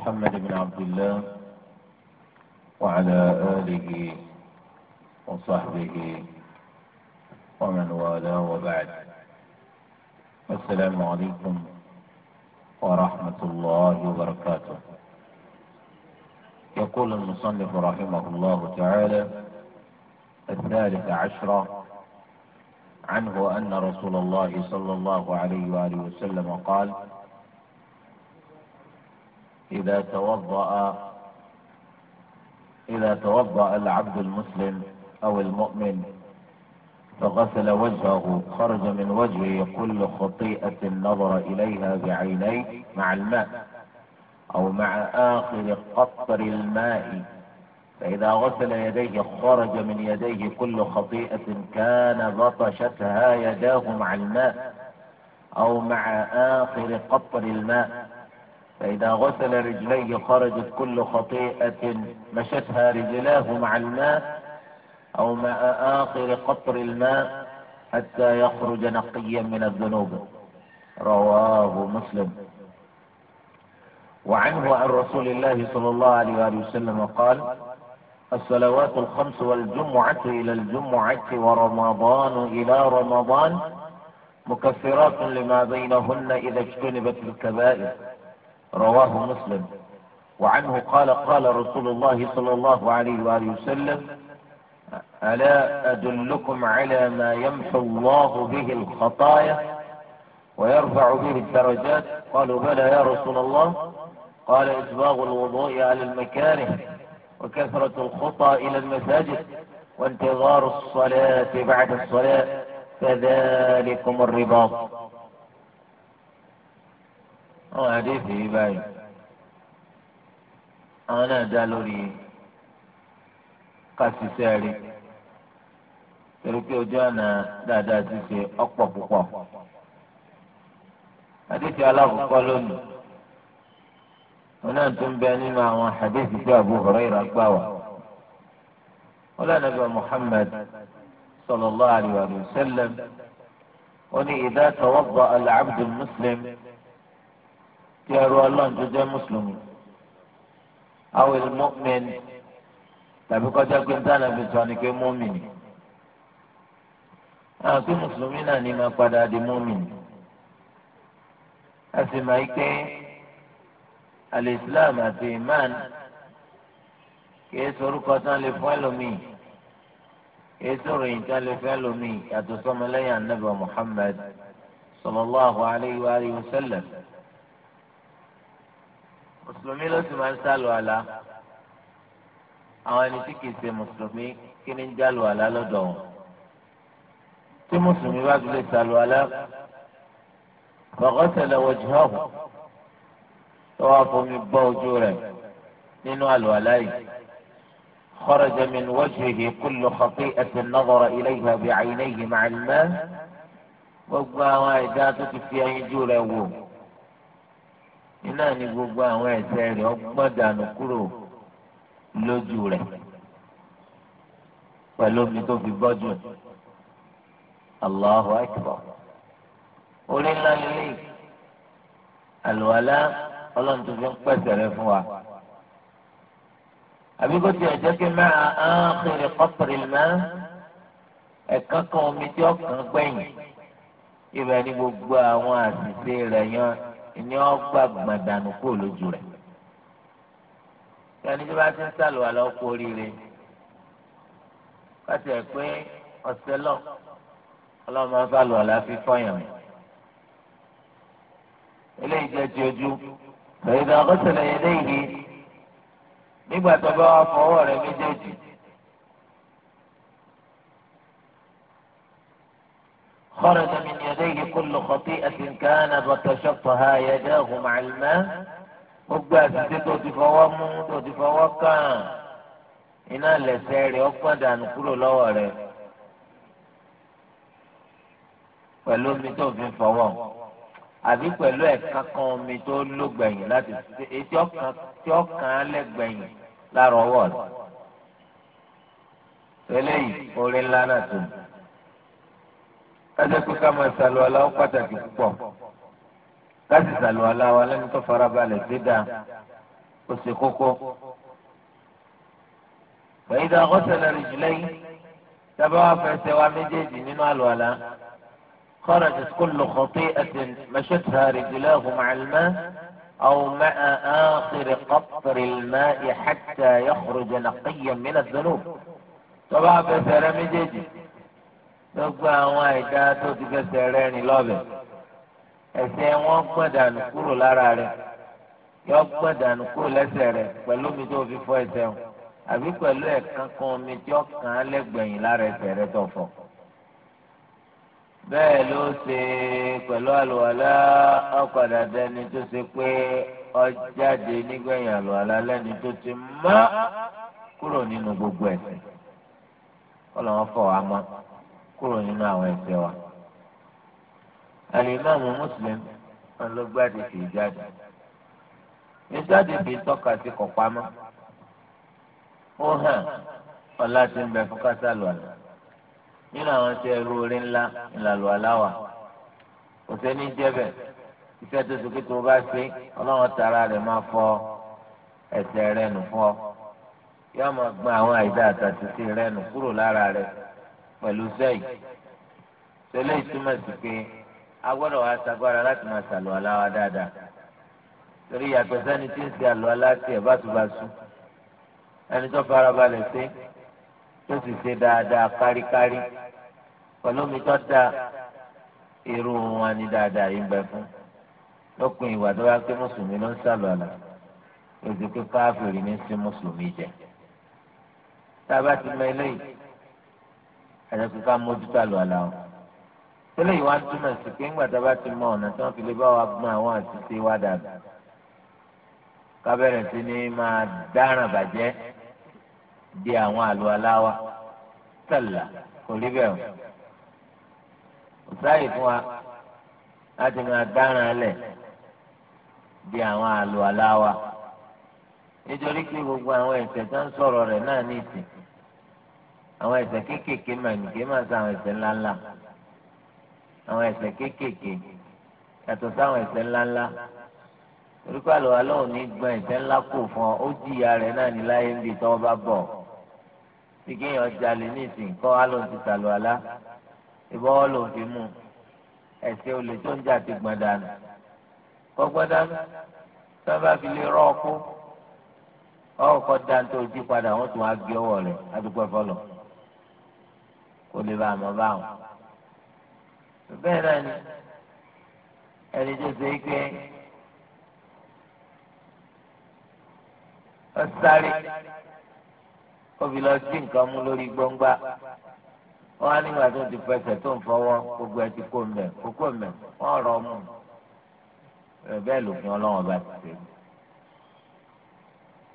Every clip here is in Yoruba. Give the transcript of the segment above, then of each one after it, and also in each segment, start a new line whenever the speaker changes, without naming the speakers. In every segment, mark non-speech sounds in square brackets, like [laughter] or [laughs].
محمد بن عبد الله وعلى آله وصحبه ومن والاه وبعد السلام عليكم ورحمة الله وبركاته يقول المصنف رحمه الله تعالى الثالث عشرة عنه أن رسول الله صلى الله عليه وآله وسلم قال إذا توضأ إذا توضأ العبد المسلم أو المؤمن فغسل وجهه خرج من وجهه كل خطيئة نظر إليها بعينيه مع الماء أو مع آخر قطر الماء فإذا غسل يديه خرج من يديه كل خطيئة كان بطشتها يداه مع الماء أو مع آخر قطر الماء فإذا غسل رجليه خرجت كل خطيئة مشتها رجلاه مع الماء أو مع آخر قطر الماء حتى يخرج نقيا من الذنوب رواه مسلم وعنه عن رسول الله صلى الله عليه وسلم قال الصلوات الخمس والجمعة إلى الجمعة ورمضان إلى رمضان مكفرات لما بينهن إذا اجتنبت الكبائر رواه مسلم وعنه قال قال رسول الله صلى الله عليه وآله وسلم ألا أدلكم على ما يمحو الله به الخطايا ويرفع به الدرجات قالوا بلى يا رسول الله قال إسباغ الوضوء على المكاره وكثرة الخطى إلى المساجد وانتظار الصلاة بعد الصلاة فذلكم الرباط àwọn àdéhùn yìí báyìí àwọn náà dá lórí kásìsẹ́ rí torí pé ojú ọ̀nà dáadáa ti ṣe ọ̀pọ̀ púpọ̀ àdéhùn alákọ̀ọ́kọ́ lónìí wọn náà tún bẹ nínú àwọn àdéhùn tí Abu Hurairah gbà wá wọn lọ́nà bẹ sallallahu wọn ni al-'abdu ti ẹrú ọlọ́run tó jẹ́ mùsùlùmí àwọn ìlmọ́mìn tàbí kọjá pé dáná fi sọ ni pé mọ́mìnì àwọn pé mùsùlùmí náà ní máa padà di mọ́mìnì a sì máa pé alìsílám àti imán kìí sorúkọ tán lè fún ẹlòmíì kìí sọ̀rọ̀ yìí tán lè fún ẹlòmíì yàtọ̀ sọmọlẹ́yìn anábà Muhammad sallallahu alayhi wa sallam mùsùlùmí ló sì máa ń sálò àlá àwọn ẹni tí kìí ṣe mùsùlùmí kí ni ń jálò àlá lọ́dọ̀ wọn tí mùsùlùmí bá fi lè sálò àlá faghasala wajhahu tó wàá fomi bọ́ ojú rẹ̀ nínú àlò àlá yìí kharaja min wajhihi kullu khati'atin nadhara ilayha bi'aynayhi ma'a al-ma' gbogbo àwọn ẹ̀dá tó ti iná ni gbogbo àwọn ẹ̀ṣẹ̀ rẹ̀ ọgbọ́n dànù kúrò lójú rẹ̀ pẹ̀lú omi tó fi bọ́jú Allahu akbar orí ńlá lélẹ̀ àlùwàlá ọlọ́run tó fi ń pẹ̀sẹ̀ rẹ̀ fún wa àbí kó tiẹ̀ jẹ́ kí mẹ́ra kọ́pìrì mẹ́rin ẹ̀ka kan omi tí ọkàn gbẹ̀yìn ibẹ̀ ni gbogbo àwọn àṣìṣe rẹ̀ yan ni ọ gbà gbàdánù kó lójú rẹ̀ yẹn níbi bá ti ń sàlùwà lọ kó oríire káti ẹ pé ọsẹ lọ Ọlọ́run máa ń sàlùwà lọ fi fọyàn mi eléyìí jẹ ti ojú fẹyìntàn ọgọsẹlẹ yẹn léyìí
nígbà tó bá wà fọwọ́ rẹ̀ méjèèjì. خرج من يديه
كل خطيئة كان فتشطها يداه مع الماء gbogbo àtúntò tó ti fọwọ́ إن tó ti fọwọ́ kàn iná lẹ́sẹ̀ rẹ̀ ọgbọ́n dànù kúrò lọ́wọ́ rẹ̀ pẹ̀lú omi tó fi fọwọ́ àbí pẹ̀lú ẹ̀ka kan omi tó ló gbẹ̀yìn láti etí ọ̀kan tí ọ̀kan alẹ́ gbẹ̀yìn lára ọwọ́ rẹ̀ tẹ́lẹ̀ orin ńlá náà tó ní. kájá pé ká máa ṣàlùwàlá ó pàtàkì púpọ̀ láti ṣàlùwàlá wa lẹ́ni tó farabalẹ̀ dé dá ó ṣe kókó.
wẹ̀yìn dáa ọ̀sẹ̀ lẹ́rìí jùlẹ̀ yìí
tábà wà fẹsẹ̀ wa méjèèjì nínú àlùwàlá خرجت كل خطيئة مشتها رجلاه مع الماء أو مع آخر قطر الماء حتى يخرج نقيا من الذنوب. طبعا بسرى مجيجي gbogbo àwọn àìdá tó ti fẹsẹ̀ rẹ rìn lọ́bẹ̀ ẹsẹ̀ wọn gbọ́n dànù kúrò lára rẹ yọ gbọ́n dànù kúrò lẹ́sẹ̀ rẹ pẹ̀lú omi tó fi fọ ẹsẹ̀ wọn àbí pẹ̀lú ẹ̀kan kan omi tí ó kàn án lẹ́gbẹ̀yìn lára ẹsẹ̀ rẹ tó fọ. bẹ́ẹ̀ ló ṣe pẹ̀lú àlùwàlá ọ̀kadà dẹni tó ṣe pé ọjáde nígbẹ̀yìn àlùwàlá lẹ́ni tó ti mọ́ kúrò nínú gbogbo ẹ̀ṣẹ̀ kọ́ fọ̀ wá mọ́. kúrò nínú àwọn ẹ̀ṣẹ̀ wa. alimami muslim ọlọgbàdì kì í jáde ìjáde bíi tọ́ka sí kọ̀pámọ́ ó hàn ọlá ń bẹ fún àná nínú àwọn tí ẹrú orí ńlá ìlàlù aláwà kò sẹ́ni jẹ́bẹ̀ iṣẹ́ tó sókè tó bá fọ rẹ̀ nù ọ yóò máa gbọ́n àwọn àìdá àtàtúnṣe rẹ̀ pẹ̀lú zayi tẹ́lẹ̀ ìtumọ̀ sí pé a gbọ́dọ̀ wá sagbára láti máa sàlù aláwa dáadáa torí yàtọ̀ sẹ́ni tí ń ṣe àlù aláṣẹ báṣubàṣu ẹni tó farabalẹ̀ ṣe tó sì ṣe dáadáa káríkárí pẹ̀lú omi tó da irú wọn ni dáadáa yìí ń bẹ fún lópin ìwà tó bá pé mùsùlùmí ló ń sàlù àlà lójú pé káfíìrì ní sí mùsùlùmí jẹ tá a bá ti mọ eléyìí àjẹkù ká mójútó àlùwàlà o tẹ́lẹ̀ yìí wá túmọ̀ sí pé ńgbà tá a bá ti mọ ọ̀nà tí wọ́n fi lè bá wa gbọ́n àwọn àtúnṣe wa dàbí ká bẹ̀rẹ̀ sí ní máa dáràn bàjẹ́ di àwọn àlùwàlà wa tẹ̀lá kò rí bẹ́ẹ̀ o kò fún wa láti máa dáràn lẹ̀ di àwọn àlùwàlà wa nítorí pé gbogbo àwọn ẹ̀ṣẹ̀ sọ̀rọ̀ rẹ̀ náà ní ìsìn àwọn ẹ̀ṣẹ̀ kéékèèké mà ní kí máa sa àwọn ẹ̀ṣẹ̀ ńláńlá àwọn ẹ̀ṣẹ̀ kéékèèké yàtọ̀ sáwọn ẹ̀ṣẹ̀ ńláńlá orúkọ àlọ́ wa lọ́wọ́ ní gbọ́n ẹ̀ṣẹ̀ ńlá kò fún ọ ó jìyà rẹ̀ náà ní láyé níbi tọ́wọ́ bá bọ̀ tí kéèyàn jalè ní ìsìn kọ́ wa lòun ti sàlọ̀ àlá ìbọ́wọ́ lòun fi mú ẹ̀ṣẹ̀ olè tó ń jà ti gbọ̀n dànù kọ́ gbọ́n dànù sábà fi lè rọ́ ọkú ọkọ̀ dáńtó ojú padà wọ́n tún á gbé ọwọ́ rẹ̀ adúgbò fọlọ́ kó lè bá àmọ́ bá wọn. bẹ́ẹ̀ náà ni ẹni tó ṣe é pé ó sáré ó fi lọ sí nǹkan mú lórí gbọ́ngbà wọ́n á nígbà tó ti fẹsẹ̀ tó ń fọwọ́ gbogbo ẹ ti kó mbẹ kókó mbẹ wọ́n rọ mú bẹ́ẹ̀ lòfin ọlọ́wọ́n bá ti ṣe.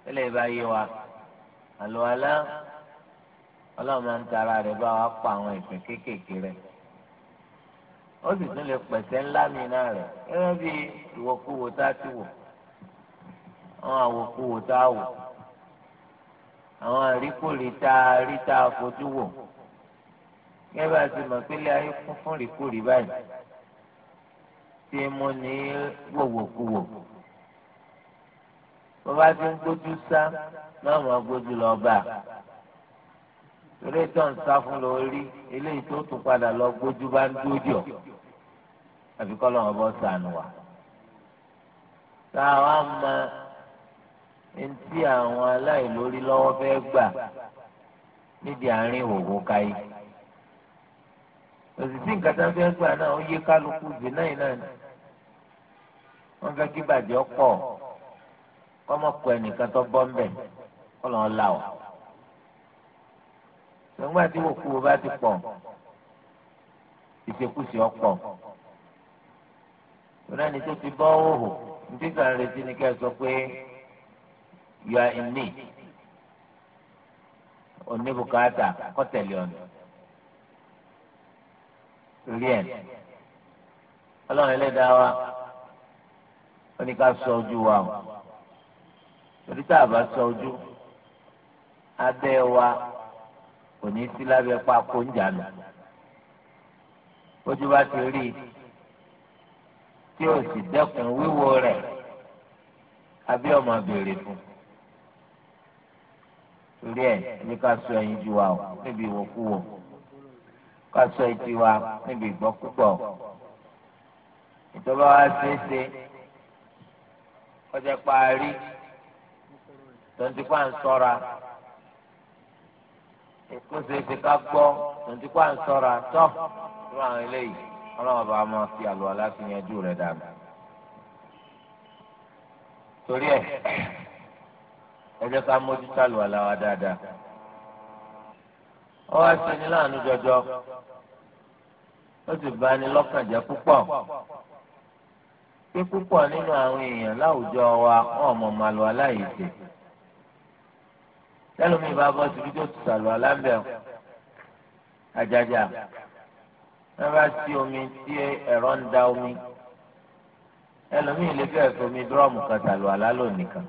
ilé ìbá yé wa àlùwalá ọlọ́run máa ń tara rẹ̀ bá wa pa àwọn ìpín kéékèèké rẹ̀ ó sì tún lè pẹ̀sẹ̀ ńlá mi náà rẹ̀ gẹ́gẹ́ bí ìwòkuwò tá a ti wò àwọn àwòkuwò tá a wò àwọn àríkòrí tá a rí tá a fojú wò
gẹ́gẹ́ bá a ti mọ̀ pé ilé ayé kún fún ìrìkòrí báyìí
tí mo ní wòwòkuwò bó bá ti ń gbójú sá náà mo gbójú lọ bá a eléyìí tó ń sá fún lọ rí eléyìí tó tún padà lọ gbójú bá ń dúró jọ àfi kọ́ lọ́wọ́ bọ́ sànù wá. tá a wá mọ ntí àwọn aláìlórí lọ́wọ́ fẹ́ gbà nídìí àárín òwò káyé. òsìsí nǹkan tó ń fẹ́ gbà náà ó yé kálukú jù náà náà ni. wọ́n fẹ́ kí bàjẹ́ pọ̀ kọ́mọ̀kọ́ ẹnìkan tó bọ́ ń bẹ̀ kọ́ lọ́wọ́ là wá. nígbà tí wò bá ti pọ̀ ìṣekúṣe ọ̀pọ̀ ni tó ti bọ́ òhò nítorí kan retí ni ká sọ pé you are in need oníbùkátà kọ́tẹ̀lẹ̀ ọ̀nà rí ẹ̀ ọlọ́run ẹlẹ́dàá wa ó ní ká sọ ojú wa o torí tá a kò ní sí lábẹ́ pa kóńjà mi ojú bá ti rí i tí o sì dẹ́kun wíwo rẹ̀ àbí ọmọ béèrè fún torí ẹ ní ká sọ ẹyin ju wa o níbi ìwòkúwò ká sọ etí wa níbi ìgbọ́kúgbọ̀ ìjọba wa ṣeé ṣe ọjà parí tó ń ti pa ń sọ́ra ó ṣe é ṣe ká gbọ́ tòǹtí kó à ń sọ̀rọ̀ àtọ́ fún àwọn eléyìí ọlọ́run bá máa fi àlọ́ aláfi yanjú rẹ̀ dànù. torí ẹ̀ ẹ jẹ́ ká mójútó àlọ́ aláwa dáadáa. ó wá sí ní láàánú jọjọ ó sì bá ní lọ́kàn jẹ́ púpọ̀ pé púpọ̀ nínú àwọn èèyàn láwùjọ wa wọn ò mọ̀ màlúwa láyé tè tẹlifí bá bọ́ síbi tó ti sàlù alábẹ́ ọ̀ àjàjà wọ́n bá sí omi tí ẹ̀rọ ń da omi ẹlòmíì lè fẹ́ fomi dúrọ́ọ̀mù kan sàlù alá lónìí kan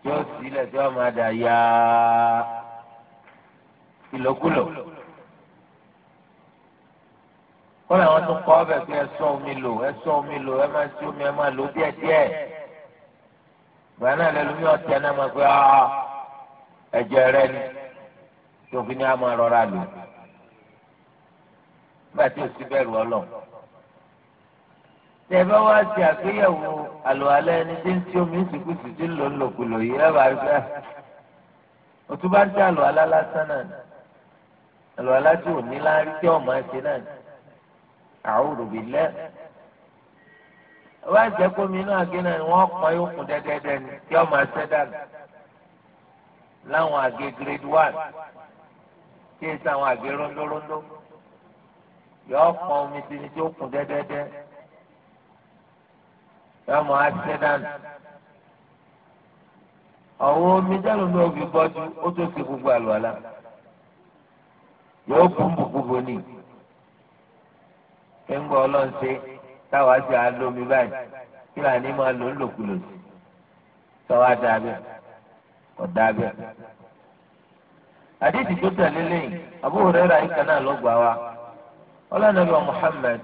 tí ó sílẹ̀ tí wọ́n máa dà ya ìlòkulò kọ́lá wọn tún kọ́ ọbẹ̀ pé ẹ sọ omi lò ẹ sọ omi lò ẹ máa sí omi ẹ máa lò díẹ̀díẹ̀ gbàánà lẹ́lòmíì ọ̀tí ẹ̀ náà máa pé ọ́ọ́ ẹ̀jẹ̀ rẹ ni tó fi ní a máa rọra lò nígbà tí o sì bẹ̀rù ọlọ. tẹ bá wá ṣe àgbéyẹ̀wò àlòalẹ́ ẹni tí ń tí omi ìsìnkúsì tí ń lò ń lòkulò yìí ẹ bá gbà òtún bá ń tẹ àlòalá lásán náà ni àlòalá tí ò ní láárí tí ọmọ ẹ ṣe náà ni àwòrò bí lẹ. wá jẹ́ kómi náà gé náà ni wọ́n pọ́n yókùn dẹ́dẹ́dẹ́ ni tí ọmọ ẹ ṣẹ́ dàgbà láwọn àgé grade one tí èsì àwọn àgé rondórondó yọ pọn omi sí ni tí ó kún dẹ́dẹ́dẹ́ yọ mọ accident àwọn omi dẹ́nu ní òbí gbọ́jú ó tó ti gbogbo àlùwàlà yóò kún gbogbo ní kéńgbọ́ ọlọ́ọ̀ṣẹ́
táwa ti à ń lómi báyìí
kí làní máa lò ń lòkulò sí tọ́wá dábẹ́ ọ̀dà bẹ́ẹ̀. àdìsí tó tẹ̀lé lẹ́yìn Abu Hurairah ìkan náà ló gbà wá ọlọ́nàbí wa Muhammad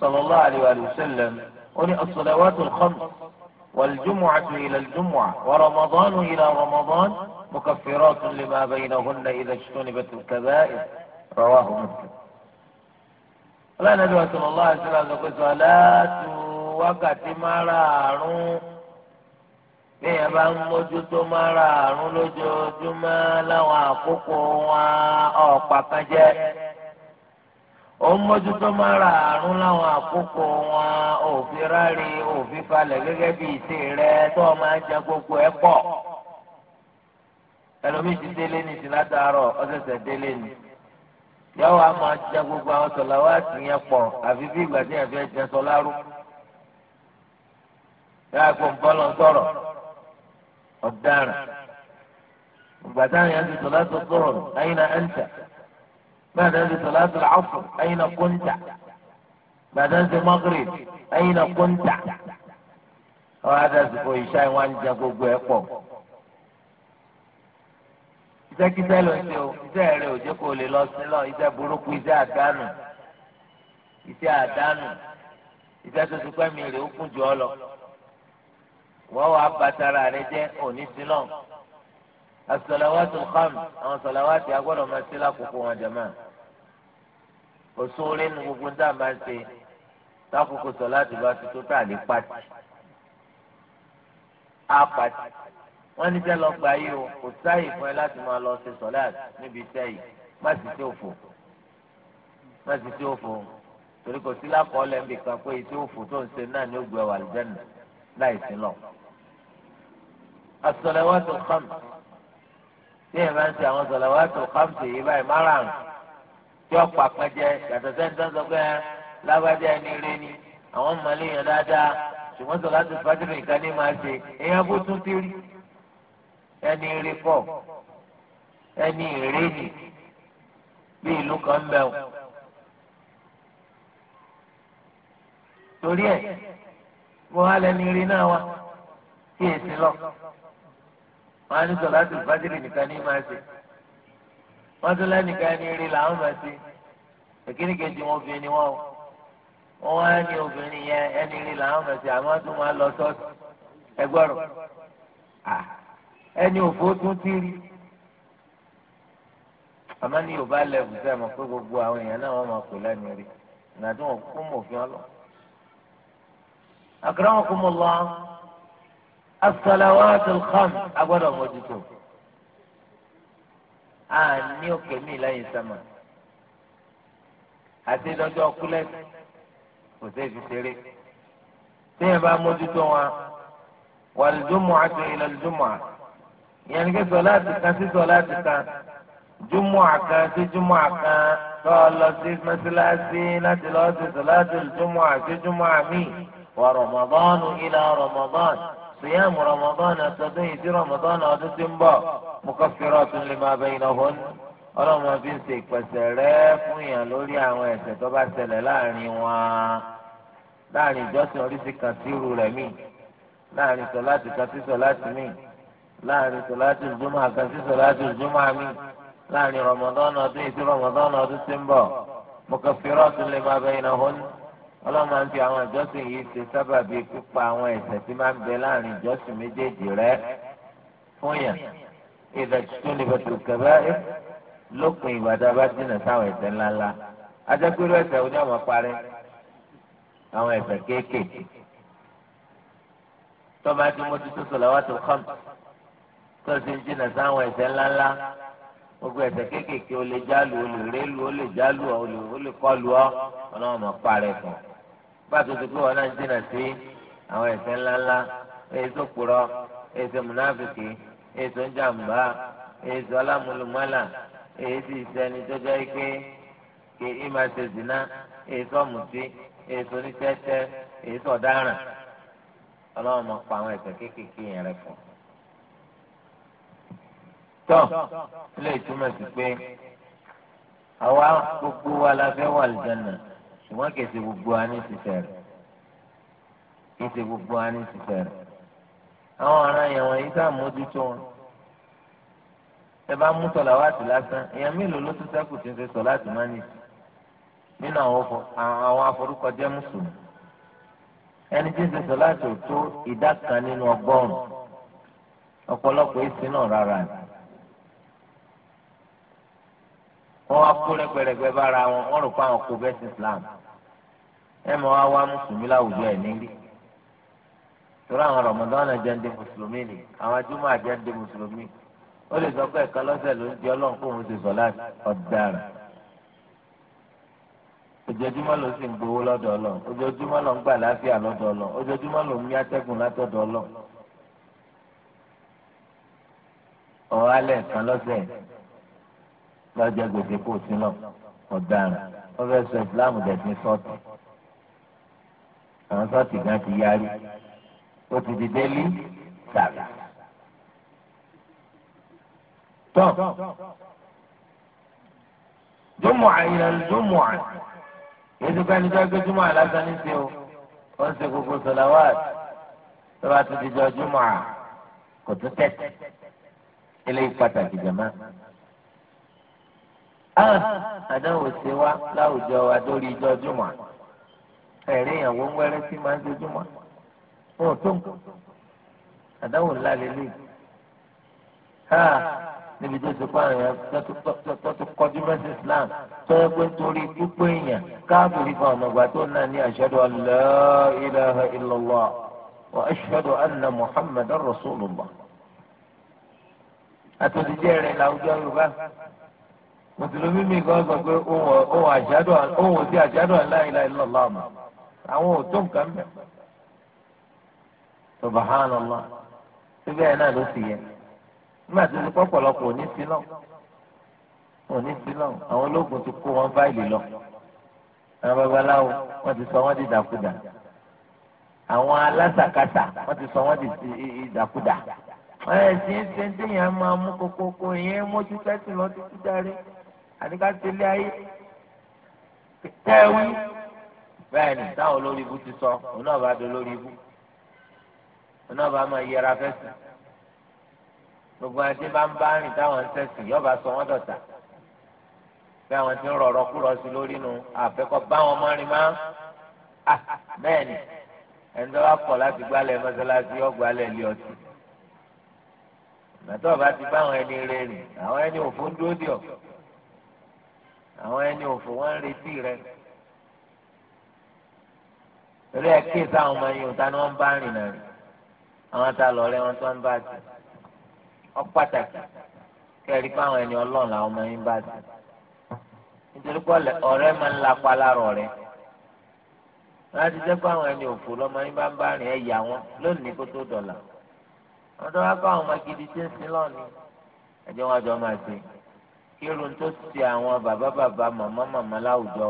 sallallahu alayhi wa sallam ó ní as-salawatul khams والجمعة إلى الجمعة ورمضان إلى رمضان مكفرات لما بينهن إذا اجتنبت الكبائر رواه مسلم ọlọ́nàbí wa sallallahu alayhi wa sallam sọ pé sọ aláàtú wákàtí márààrún. bẹ́ẹ̀ bá ń mójútó mara àrùn lójoojúmọ́ láwọn àkókò wọn ọ̀pá kan jẹ́ ó ń máa ra àrùn láwọn àkókò wọn òfin rárí òfin falẹ̀ gẹ́gẹ́ bí rẹ tó o máa ń jẹ gbogbo pọ̀ ẹlòmíì ti délé ní ti látàárọ̀ ọ̀sẹ̀sẹ̀ délé ní a máa jẹ gbogbo àwọn sọ̀lá yẹn pọ̀ àfi bí ìgbà tí yẹn fẹ́ jẹ sọ lárú yàrá ọ̀daràn gbàtà yẹn ti sọlá tó gbọrọ ẹyin náà ẹnta gbàtà yẹn ti sọlá tó làáfù ẹyin náà kúnta gbàtà yẹn ti mọgìrì ẹyin náà kúnta ọwọ adásí kò ìṣá yẹn wọn jẹ gbogbo ẹ o iṣẹ́ rẹ ò jẹ kó lè lọ sí lọ iṣẹ́ burúkú iṣẹ́ àdánù iṣẹ́ àdánù iṣẹ́ wọ́n wàá bàtàrà rẹ jẹ́ òní sílọ̀ asọ̀làwàtì kham àwọn sọ̀làwàtì agbọ́dọ̀ máa ṣe lákòókò wọn jẹ̀ máa òṣòrin nu gbogbo dá máa ń ṣe lákòókò sọ̀láàtì bá ti tó tà ní pàtì á pàtì wọ́n ní sẹ́ lọ gbà yìí o kò sáyè fún ẹ láti máa lọ ṣe sọ̀láàtì níbi iṣẹ́ yìí má sì ṣe òfò má sì ṣe òfò torí kò sí lákọ̀ọ́lẹ̀ ń pé iṣẹ́ òfò tó ń ṣe náà ní ògbẹ́ wà láì sí lọ. as-salawatu al-khams tí ẹ̀ máa ń ṣe àwọn as-salawatu al-khams yìí báyìí márùn-ún tí ó pa yàtọ̀ sẹ́ńtẹ́ sọ pé lágbájá ẹni rí ni àwọn mọ̀lẹ́ yẹn dáadáa ṣùgbọ́n sọ láti fàtìrì nìkan ní máa ṣe èèyàn bó tún ti rí ẹni rí pọ̀ ẹni rí ni
bí ìlú kan bẹ̀ wọ́n.
torí ẹ̀ bó wá lẹni rí náà wá kí èsì lọ
wọn á ní sọlá tó fájìrì nìkan ní máa
ṣe wọn tún lẹnìkan ní rí làwọn máa ṣe èkíní kejì wọn obìnrin ni wọn o wọn wá ní obìnrin yẹn ẹni rí làwọn máa ṣe àmọ́ tó máa lọ sọọsì ẹgbọrọ ẹni òfò tún ti rí àmọ́ ní yorùbá lẹ́bùsẹ̀ mọ̀ pé gbogbo àwọn èèyàn náà wọ́n máa kó lẹ́nu rí ìgbà tí wọ́n kú akramakumullah as-salawatul khams agbọ́dọ̀ mójútó a ní òkè mi lẹ́yìn sẹ́mà àti lọ́jọ́ kúlẹ̀ kò sí èfi ṣeré
téèyàn bá mójútó wọn
wal-jumu'atu ila al-jumu'a ìyẹn ní kí sọláàtì kan sí sọláàtì kan jumu'a kan sí jumu'a kan tó lọ sí mọ́sálásí láti lọ́ọ́ sí sọláàtì jumu'a sí jumu'a míì. ورمضان إلى رمضان صيام رمضان تدعي رمضان رمضان وتتنبا مكفرات لما بينهن ọlọ́mọ fi ń ṣe ìpẹ̀sẹ̀rẹ́ fún yàn lórí àwọn ẹ̀ṣẹ̀ tó bá ṣẹlẹ̀ láàrin wọn láàrin ìjọsìn oríṣi kan sí irú rẹ̀ míì láàrin sọláàtì kan sí sọláàtì míì láàrin sọláàtì ìjùmọ̀ kan sí sọláàtì ìjùmọ̀ míì láàrin rọmọdọ́nà ọdún yìí sí rọmọdọ́nà ọdún tí ń bọ̀ mọ̀kànfẹ́rọ́ tún lè máa bẹ̀yìn náà hónú ọlọ́run máa ń fi àwọn ìjọsìn yìí ṣe sábàbí pípa àwọn ẹ̀ṣẹ̀ tí máa ń bẹ láàrin ìjọsìn méjèèjì rẹ fún yàn ìdájọ́ tó ní bàtà òkèbá ẹ̀ lópin ìgbàdá bá dínà sáwọn ẹ̀ṣẹ̀ ńláńlá ajẹ́pẹ́rú ẹ̀ṣẹ̀ oní àwọn parí àwọn ẹ̀ṣẹ̀ kéékèèké tọ́ba tí mo ti tó sọ̀rọ̀ wá tó kàn tó ṣe ń dínà sáwọn ẹ̀ṣẹ̀ ńláńlá gbogbo ẹ̀ṣẹ̀ kéékèèké o lè jálù o lè rélu o lè jálù o lè kọlù ọ ọlọ́run mọ̀ parí kan bá a tó ti pé wọn náà jìnnà sí àwọn ẹ̀ṣẹ̀ ńláńlá èyí tó kúrọ èyí tó múnáfìkì èyí tó ń jàǹbá èyí tó alámúlùmọ́là èyí sì sẹni tó jẹ́ pé kì í máa ṣe zìnà èyí tó mùtí èyí tó ní tẹ́tẹ́ èyí tó dáràn ọlọ́run máa pa àwọn ẹ̀ṣẹ̀ kéékèèké yẹn rẹ fún tọ́
ilé ìtumọ̀ sí pé
àwa gbogbo wa la fẹ́ wà lìjànà ṣùgbọ́n kì í ṣe gbogbo wa ní ṣiṣẹ́ rẹ̀ kì í ṣe gbogbo wa ní ṣiṣẹ́ rẹ̀ àwọn ará yẹn wọ̀nyí tá à mójútó wọn ẹ bá mú sọlá wá sí lásán èèyàn mélòó ló tún sẹ́kù tí ń ṣe sọ láti má nìyí nínú àwọn afọrúkọjẹ́ mùsùlùmí ẹni tí ń ṣe sọ láti òtó ìdá kan nínú ọgọ́rùn ọ̀pọ̀lọpọ̀ èsì náà rárá ni. wọ́n wá kó rẹ́gbẹ̀rẹ́gbẹ́ bára wọn wọ́n rò pé àwọn kò bẹ́ẹ̀ sí Islam ẹ mọ wá wá mùsùlùmí láwùjọ ẹ̀ nílé torí àwọn rọmọdánù àjẹndé mùsùlùmí ni àwọn ajúmọ̀ àjẹndé mùsùlùmí ó lè sọ pé ẹ̀ka lọ́sẹ̀ ló ń di ọlọ́run kóun ti sọ láti ọ̀daràn ojoojúmọ́ ló sì ń gbowó lọ́dọ̀ ọlọ́run ojoojúmọ́ ló ń gbà láfíà lọ́dọ̀ ọlọ́run ojoojúmọ́ ló ń mí atẹ́gùn látọ̀dọ̀ ọlọ́run ọ̀hálẹ̀ kan lọ́sẹ̀ lọ́jọ́ gbèsè kò sí náà ọ̀daràn wọ́n fẹ́ sọ ìsìláàmù dẹ̀sìn sọ́ọ̀tì àwọn sọ́ọ̀tì gan ti yarí ó ti di délé tààrà. tọ́
jùmọ̀ àyìnlẹ̀ jùmọ̀ à yéésù káni tó gbé jùmọ̀ àlásán
ní sí o wọ́n ṣe gbogbo sọ̀làwàd tó bá ti di jọ jùmọ̀ à kò tó tẹ̀sí eléyìí pàtàkì jẹ̀mọ́. a àdáwò láwùjọ wa lórí ìjọ jùmọ̀ à ẹ̀rí ìyàwó ń wẹ́rẹ́ sí máa ń dojúmọ́ wọn ò tó àdáwò ńlá lélẹ̀ ha níbi tó ti pa àwọn èèyàn tó ti kọjú mẹ́sì Islam tó yẹ pé nítorí pípé èèyàn káàbùrì kan ọ̀nàgbà tó náà ní ashhadu an la ilaha illallah wa ashhadu anna Muhammadan rasulullah àtòjíjẹ́ rẹ̀ làwùjọ Yorùbá mùsùlùmí mi kan sọ pé òun àjádọ́ òun ò sí àjádọ́ la illallah àmọ́ àwọn ò tó nǹkan bẹ̀. subhanallah síbẹ̀ náà ló sì yẹ nígbà tó ti pọ̀pọ̀lọpọ̀ òní sí náà òní sí náà àwọn ológun ti kó wọn báyìí lọ àwọn babaláwo wọn ti sọ wọn di dàkúdà àwọn alásàkátà wọn ti sọ wọn di ìdàkúdà wọn yẹ ti ń ṣe ń dènyàn máa mú kókókó ìyẹn mójútó ẹsìn lọ títí darí àti ayé tẹ bẹ́ẹ̀ ni táwọn olórí ibú ti sọ òun náà bá do lórí ibú òun náà bá máa yẹra fẹ́sì gbogbo adé bá ń bá rìn táwọn ń sẹ́sì yọba sọ wọ́n dọ̀tà bí àwọn ti ń rọ̀rọ̀ kúrọ̀ sí lórí nu àfẹ́kọ̀ bá wọn mọ́rin máa ah bẹ́ẹ̀ ni ẹni tó bá kọ̀ láti gbálẹ̀ mọ́sálásí ọ̀gbálẹ̀ lé ọtí nàtọ́ ọba ti bá àwọn ẹni rẹ̀ rìn àwọn ẹni òfò ń dúró dì ọ́ àwọn ẹni òfò wọ́n ń retí rẹ̀ torí ẹ kí sáwọn ọmọ yìí ọ̀tá ni wọ́n bá rìn náà rí àwọn tá a lọ rẹ wọn tó ń bá ti ọ pàtàkì
kẹrí pé àwọn ẹni
ọlọ́run làwọn ọmọ yìí ń bá ti
nítorí pé ọ̀rẹ́ máa ń lapa lára ọ̀rẹ́
láti jẹ́ pé àwọn ẹni òfò lọ́mọ yìí bá ń bá rìn ẹ̀yà wọn lónìí kó tó dọ̀là wọn tó wá kó àwọn ọmọ gidi tí ń sin lọ́ọ̀ni ẹ̀jẹ̀ wọn jọ máa ṣe kí irun tó ti àwọn bàbá bàbá màmá màmá láwùjọ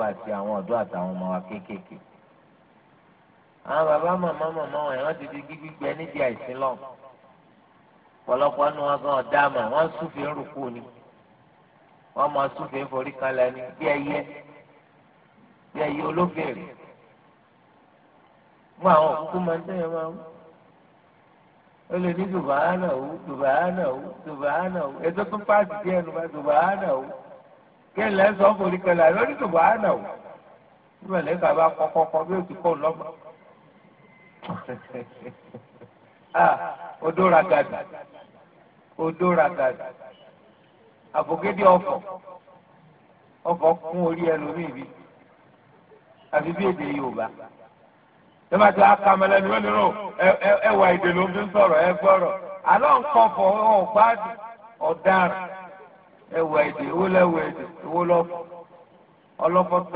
wa ti àwọn ọ̀dọ́ àtàwọn ọmọ wa kéékèèké àwọn bàbá màmá màmá wọn wọ́n ti di gbígbígbẹ nídìí àìsí lọ pọ̀lọpọ̀ nu wọn gan ọdá mà wọ́n súfèé ń rúkú ni wọ́n máa súfèé forí kalẹ̀ ni bí ẹyẹ bí ẹyẹ olóbèrè mú àwọn òkúkú máa ń tẹ̀yẹ̀ máa wú ó lè ní dùbàánà wú dùbàánà wú dùbàánà wú ètò tó pàṣẹ díẹ̀ nu bá dùbàánà wú kí ẹ̀ lẹ́sọ̀ forí kalẹ̀ lórí dùbàánà wú bí wọ́n lè bàbá kọ́kọ́kọ́ bí ó ti kó lọ́mọ. Ah, odó ragadi odó ragadi àfògédé ọfọ ọfọ kún orí ẹlòmíì bí àfi bí èdè Yorùbá tẹ́lẹ̀ tí a kà mẹ́lẹ́ ni wọ́n ní rò èdè ló ń sọ̀rọ̀ ẹ gbọ́rọ̀ àlọ́ nǹkan èdè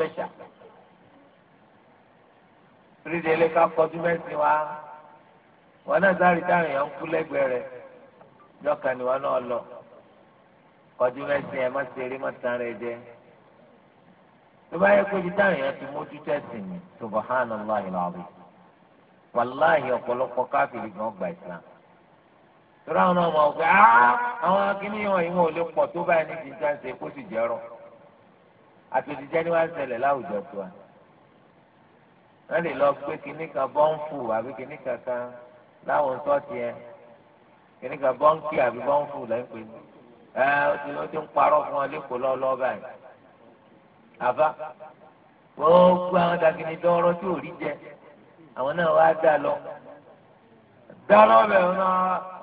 èdè rídìílé ká kọjú mẹ́sìn wa wọn náà sáré táwọn èèyàn ń kú lẹ́gbẹ̀ẹ́ rẹ̀ jọ́ka ni wọn náà lọ kọjú mẹ́sìn ẹ̀ má ṣeré má tan rẹ̀ jẹ́
tó bá yẹ kó ibi táwọn
èèyàn ti mójú tẹ̀sìn ni subahánàlá ìlàwé wàláhì ọ̀pọ̀lọpọ̀ káfíìrì gan gba ìsìlám
torí àwọn ọmọ ọgbẹ àwọn
akínyìn wọ̀nyí wọn ò lè pọ̀ tó báyìí ní wọ́n lè lọ pé kinní kan bọ́ǹfù àbí kinní kankan láwọn sọ́ọ̀tì yẹn kinní kan bọ́ǹkì àbí bọ́ǹfù lẹ́yìn pé ẹ ó ti ó ti ń parọ́ fún ọ lẹ́kọ̀ọ́ lọ́ọ́lọ́ọ́ báyìí àbá gbogbo àwọn dàgìní dọ́rọ́ tí ò rí jẹ àwọn náà wá dá lọ dá lọ́bẹ̀ wọn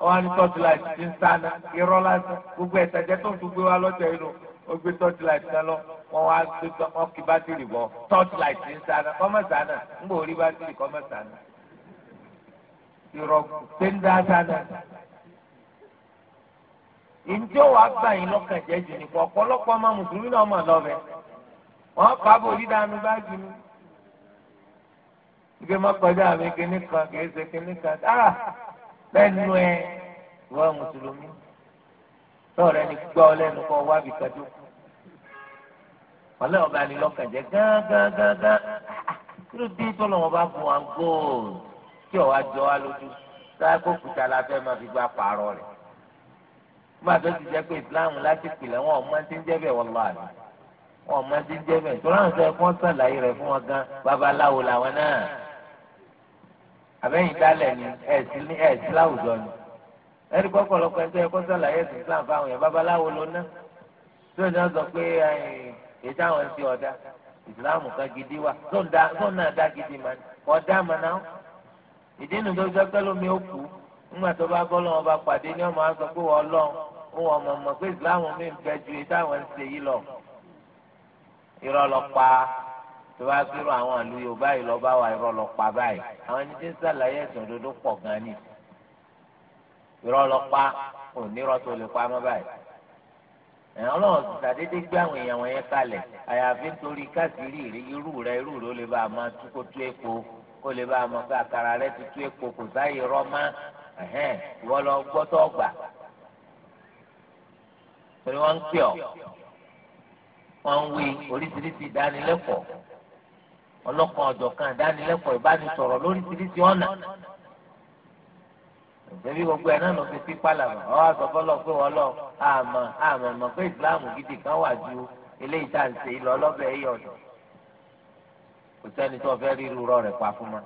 wá ní tọ́tù láti ti ń sáná irọ́ lásán
gbogbo ẹ̀sẹ̀ jẹ́ tó ń tún gbé wa lọ́jọ́ yìí lọ ó gbé tọ́tí láti sá lọ wọ́n wá gbé wọ́n kí bátìrì bọ̀ tọ́tí láti ń sáná kọ́mọ̀sánà ń bò rí bátìrì kọ́mọ̀sánà ìrọ̀kù pé ń dá sáná. ìjọ wa gbà yín lọ́kàn jẹ́ jù nípa ọ̀pọ̀lọpọ̀ ọmọ mùsùlùmí náà mọ̀ lọ́bẹ̀ wọ́n kà á bò rí dànù bá jù ìgbé má kọjá mi kan kìí ṣe kíní kan dára ah, lẹ́nu ẹ̀ wọ́n mùsùlùmí ni gbọ́ lẹ́nu kọ́ wábìí wọlé ọba ni lọ́kàn jẹ́ gángángángán kí ló dé tọ́lọ̀ wọn bá fún wa gold tí ọ̀ wá jọ wá lójú sáà kó kùtà la fẹ́ máa fi gba pààrọ̀ rẹ̀ má tó ti jẹ́ pé Islam láti pìlẹ̀ wọn ọ̀ma ti ń jẹ́ bẹ̀ wọ́n lọ àná wọn ọ̀ma ti ń jẹ́ bẹ̀ tó ráhùn sọ ẹ̀kọ́ sàlàyé rẹ̀ fún wọn gan babaláwo làwọn náà àbẹ́yìn dálẹ̀ ni ẹ̀ sí láwùjọ ni ẹ̀rí pọ́pọ́lọpọ̀ ẹ̀kọ́ sàlàyé Islam fáwọn yẹn babaláwo lọ náà tó ìdáná sọ pé èyí táwọn ń fi ọ̀dà kan gidi wà tó náà dá gidi mà ní ọ̀dà mà náà ìdí nu tó gbẹ pẹ́ lómi ó kú nígbà tó bá gbọ́ lọ́wọ́ bá pàdé ní ọmọ àgbà pé wọ́n lọ́ ń wọ́n mọ̀ mọ̀ pé ìsìláàmù mi ń fẹ́ ju èyí táwọn ń yìí lọ. irọ́ lọ pa tó bá gbérò àwọn ìlú Yorùbá yìí lọ bá wà irọ́ lọ pa báyìí àwọn ẹni tí ń sàlàyé ẹ̀sùn òdodo pọ̀ gan ni irọ́ lọ pa òní irọ́ ọlọ́run ti sàdédé gbé àwọn èèyàn wọ̀nyẹn kalẹ̀ àyàfi nítorí káàkiri rí irú rẹ irú rẹ ó lè bá a máa tú kó tú epo kó lè bá a máa pé àkàrà rẹ ti tú epo kò sáyé rọ́mà ìwọ lọ gbọ́tọ̀ gbà torí wọ́n ń pè ọ́ wọ́n ń wí oríṣiríṣi ìdánilẹ́kọ̀ọ́ ọlọ́kan ọ̀jọ̀kan ìdánilẹ́kọ̀ọ́ ìbánisọ̀rọ̀ lóríṣiríṣi ọ̀nà ẹbí gbogbo ẹ náà ló fi sí pálàmà ọ wá sọ fọlọ pé wọn lọ àmọ́ àmọ́ mọ̀ pé ìsìláàmù gidi kan wà ju eléyìí tá à ń ṣe lọ lọbẹ ẹyẹ ọdọ kò sẹ́ni tó fẹ́ rí irú rọ rẹ̀ pa fún ma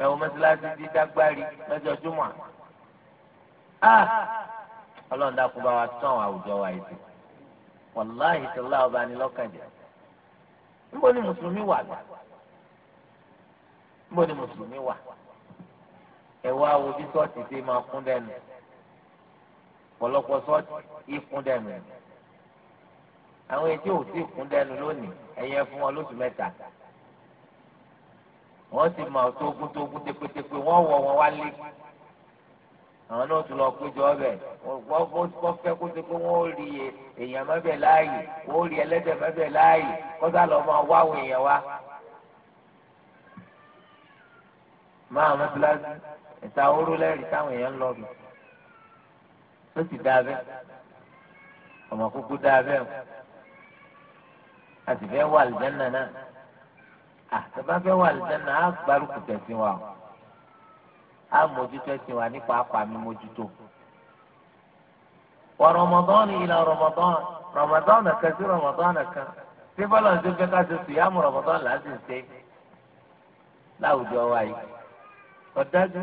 ẹ wo mọ́sálásí ti dágbárí lọ́jọ́ júmọ a Ọlọ́run dákú bá wa tán àwùjọ wa ètò wàláhì tó láwọn bá ní lọ́kàn jẹ níbo ni mùsùlùmí wà níbo ni mùsùlùmí wà ẹ wá wo ti sọ́ọ̀tì ṣe máa kún dẹnu ọ̀pọ̀lọpọ̀ sọ́ọ̀tì ìkún dẹnu àwọn etí ò sí ìkún dẹnu lónìí ẹ̀yẹ fún wọn lóṣù mẹ́ta wọ́n sì máa tógún tógún tépétépé wọ́n wọ̀ wọn wálé àwọn náà tún lọ péjọ ọbẹ̀ wọ́n fẹ́ kó ṣe pé wọ́n rí èèyàn mẹ́bẹ̀ láàyè wọ́n rí ẹlẹ́dẹ̀ mẹ́bẹ̀ láàyè kọ́sá lọ́ máa wá àwọn èèyàn wá. máa mọ́tíláṣí ìta oró lẹ́rìí táwọn èèyàn ń lọ bì ó sì dáa bẹ́ẹ̀ ọmọ kúkú dáa bẹ́ẹ̀ a sì fẹ́ wà àlùjánnà náà àtàbá fẹ́ wà àlùjánnà á gbárùkù tẹ̀sí wa o á mójútó ẹ̀sìn wa nípa apàmì mójútó wọ Ramadan ila Ramadan Ramadan kan sí Ramadan kan tí bọ́lá ń sọ́jọ́ ká ṣe sùn yàmù Ramadan là á ṣe láwùjọ wa yìí ọ̀dájú.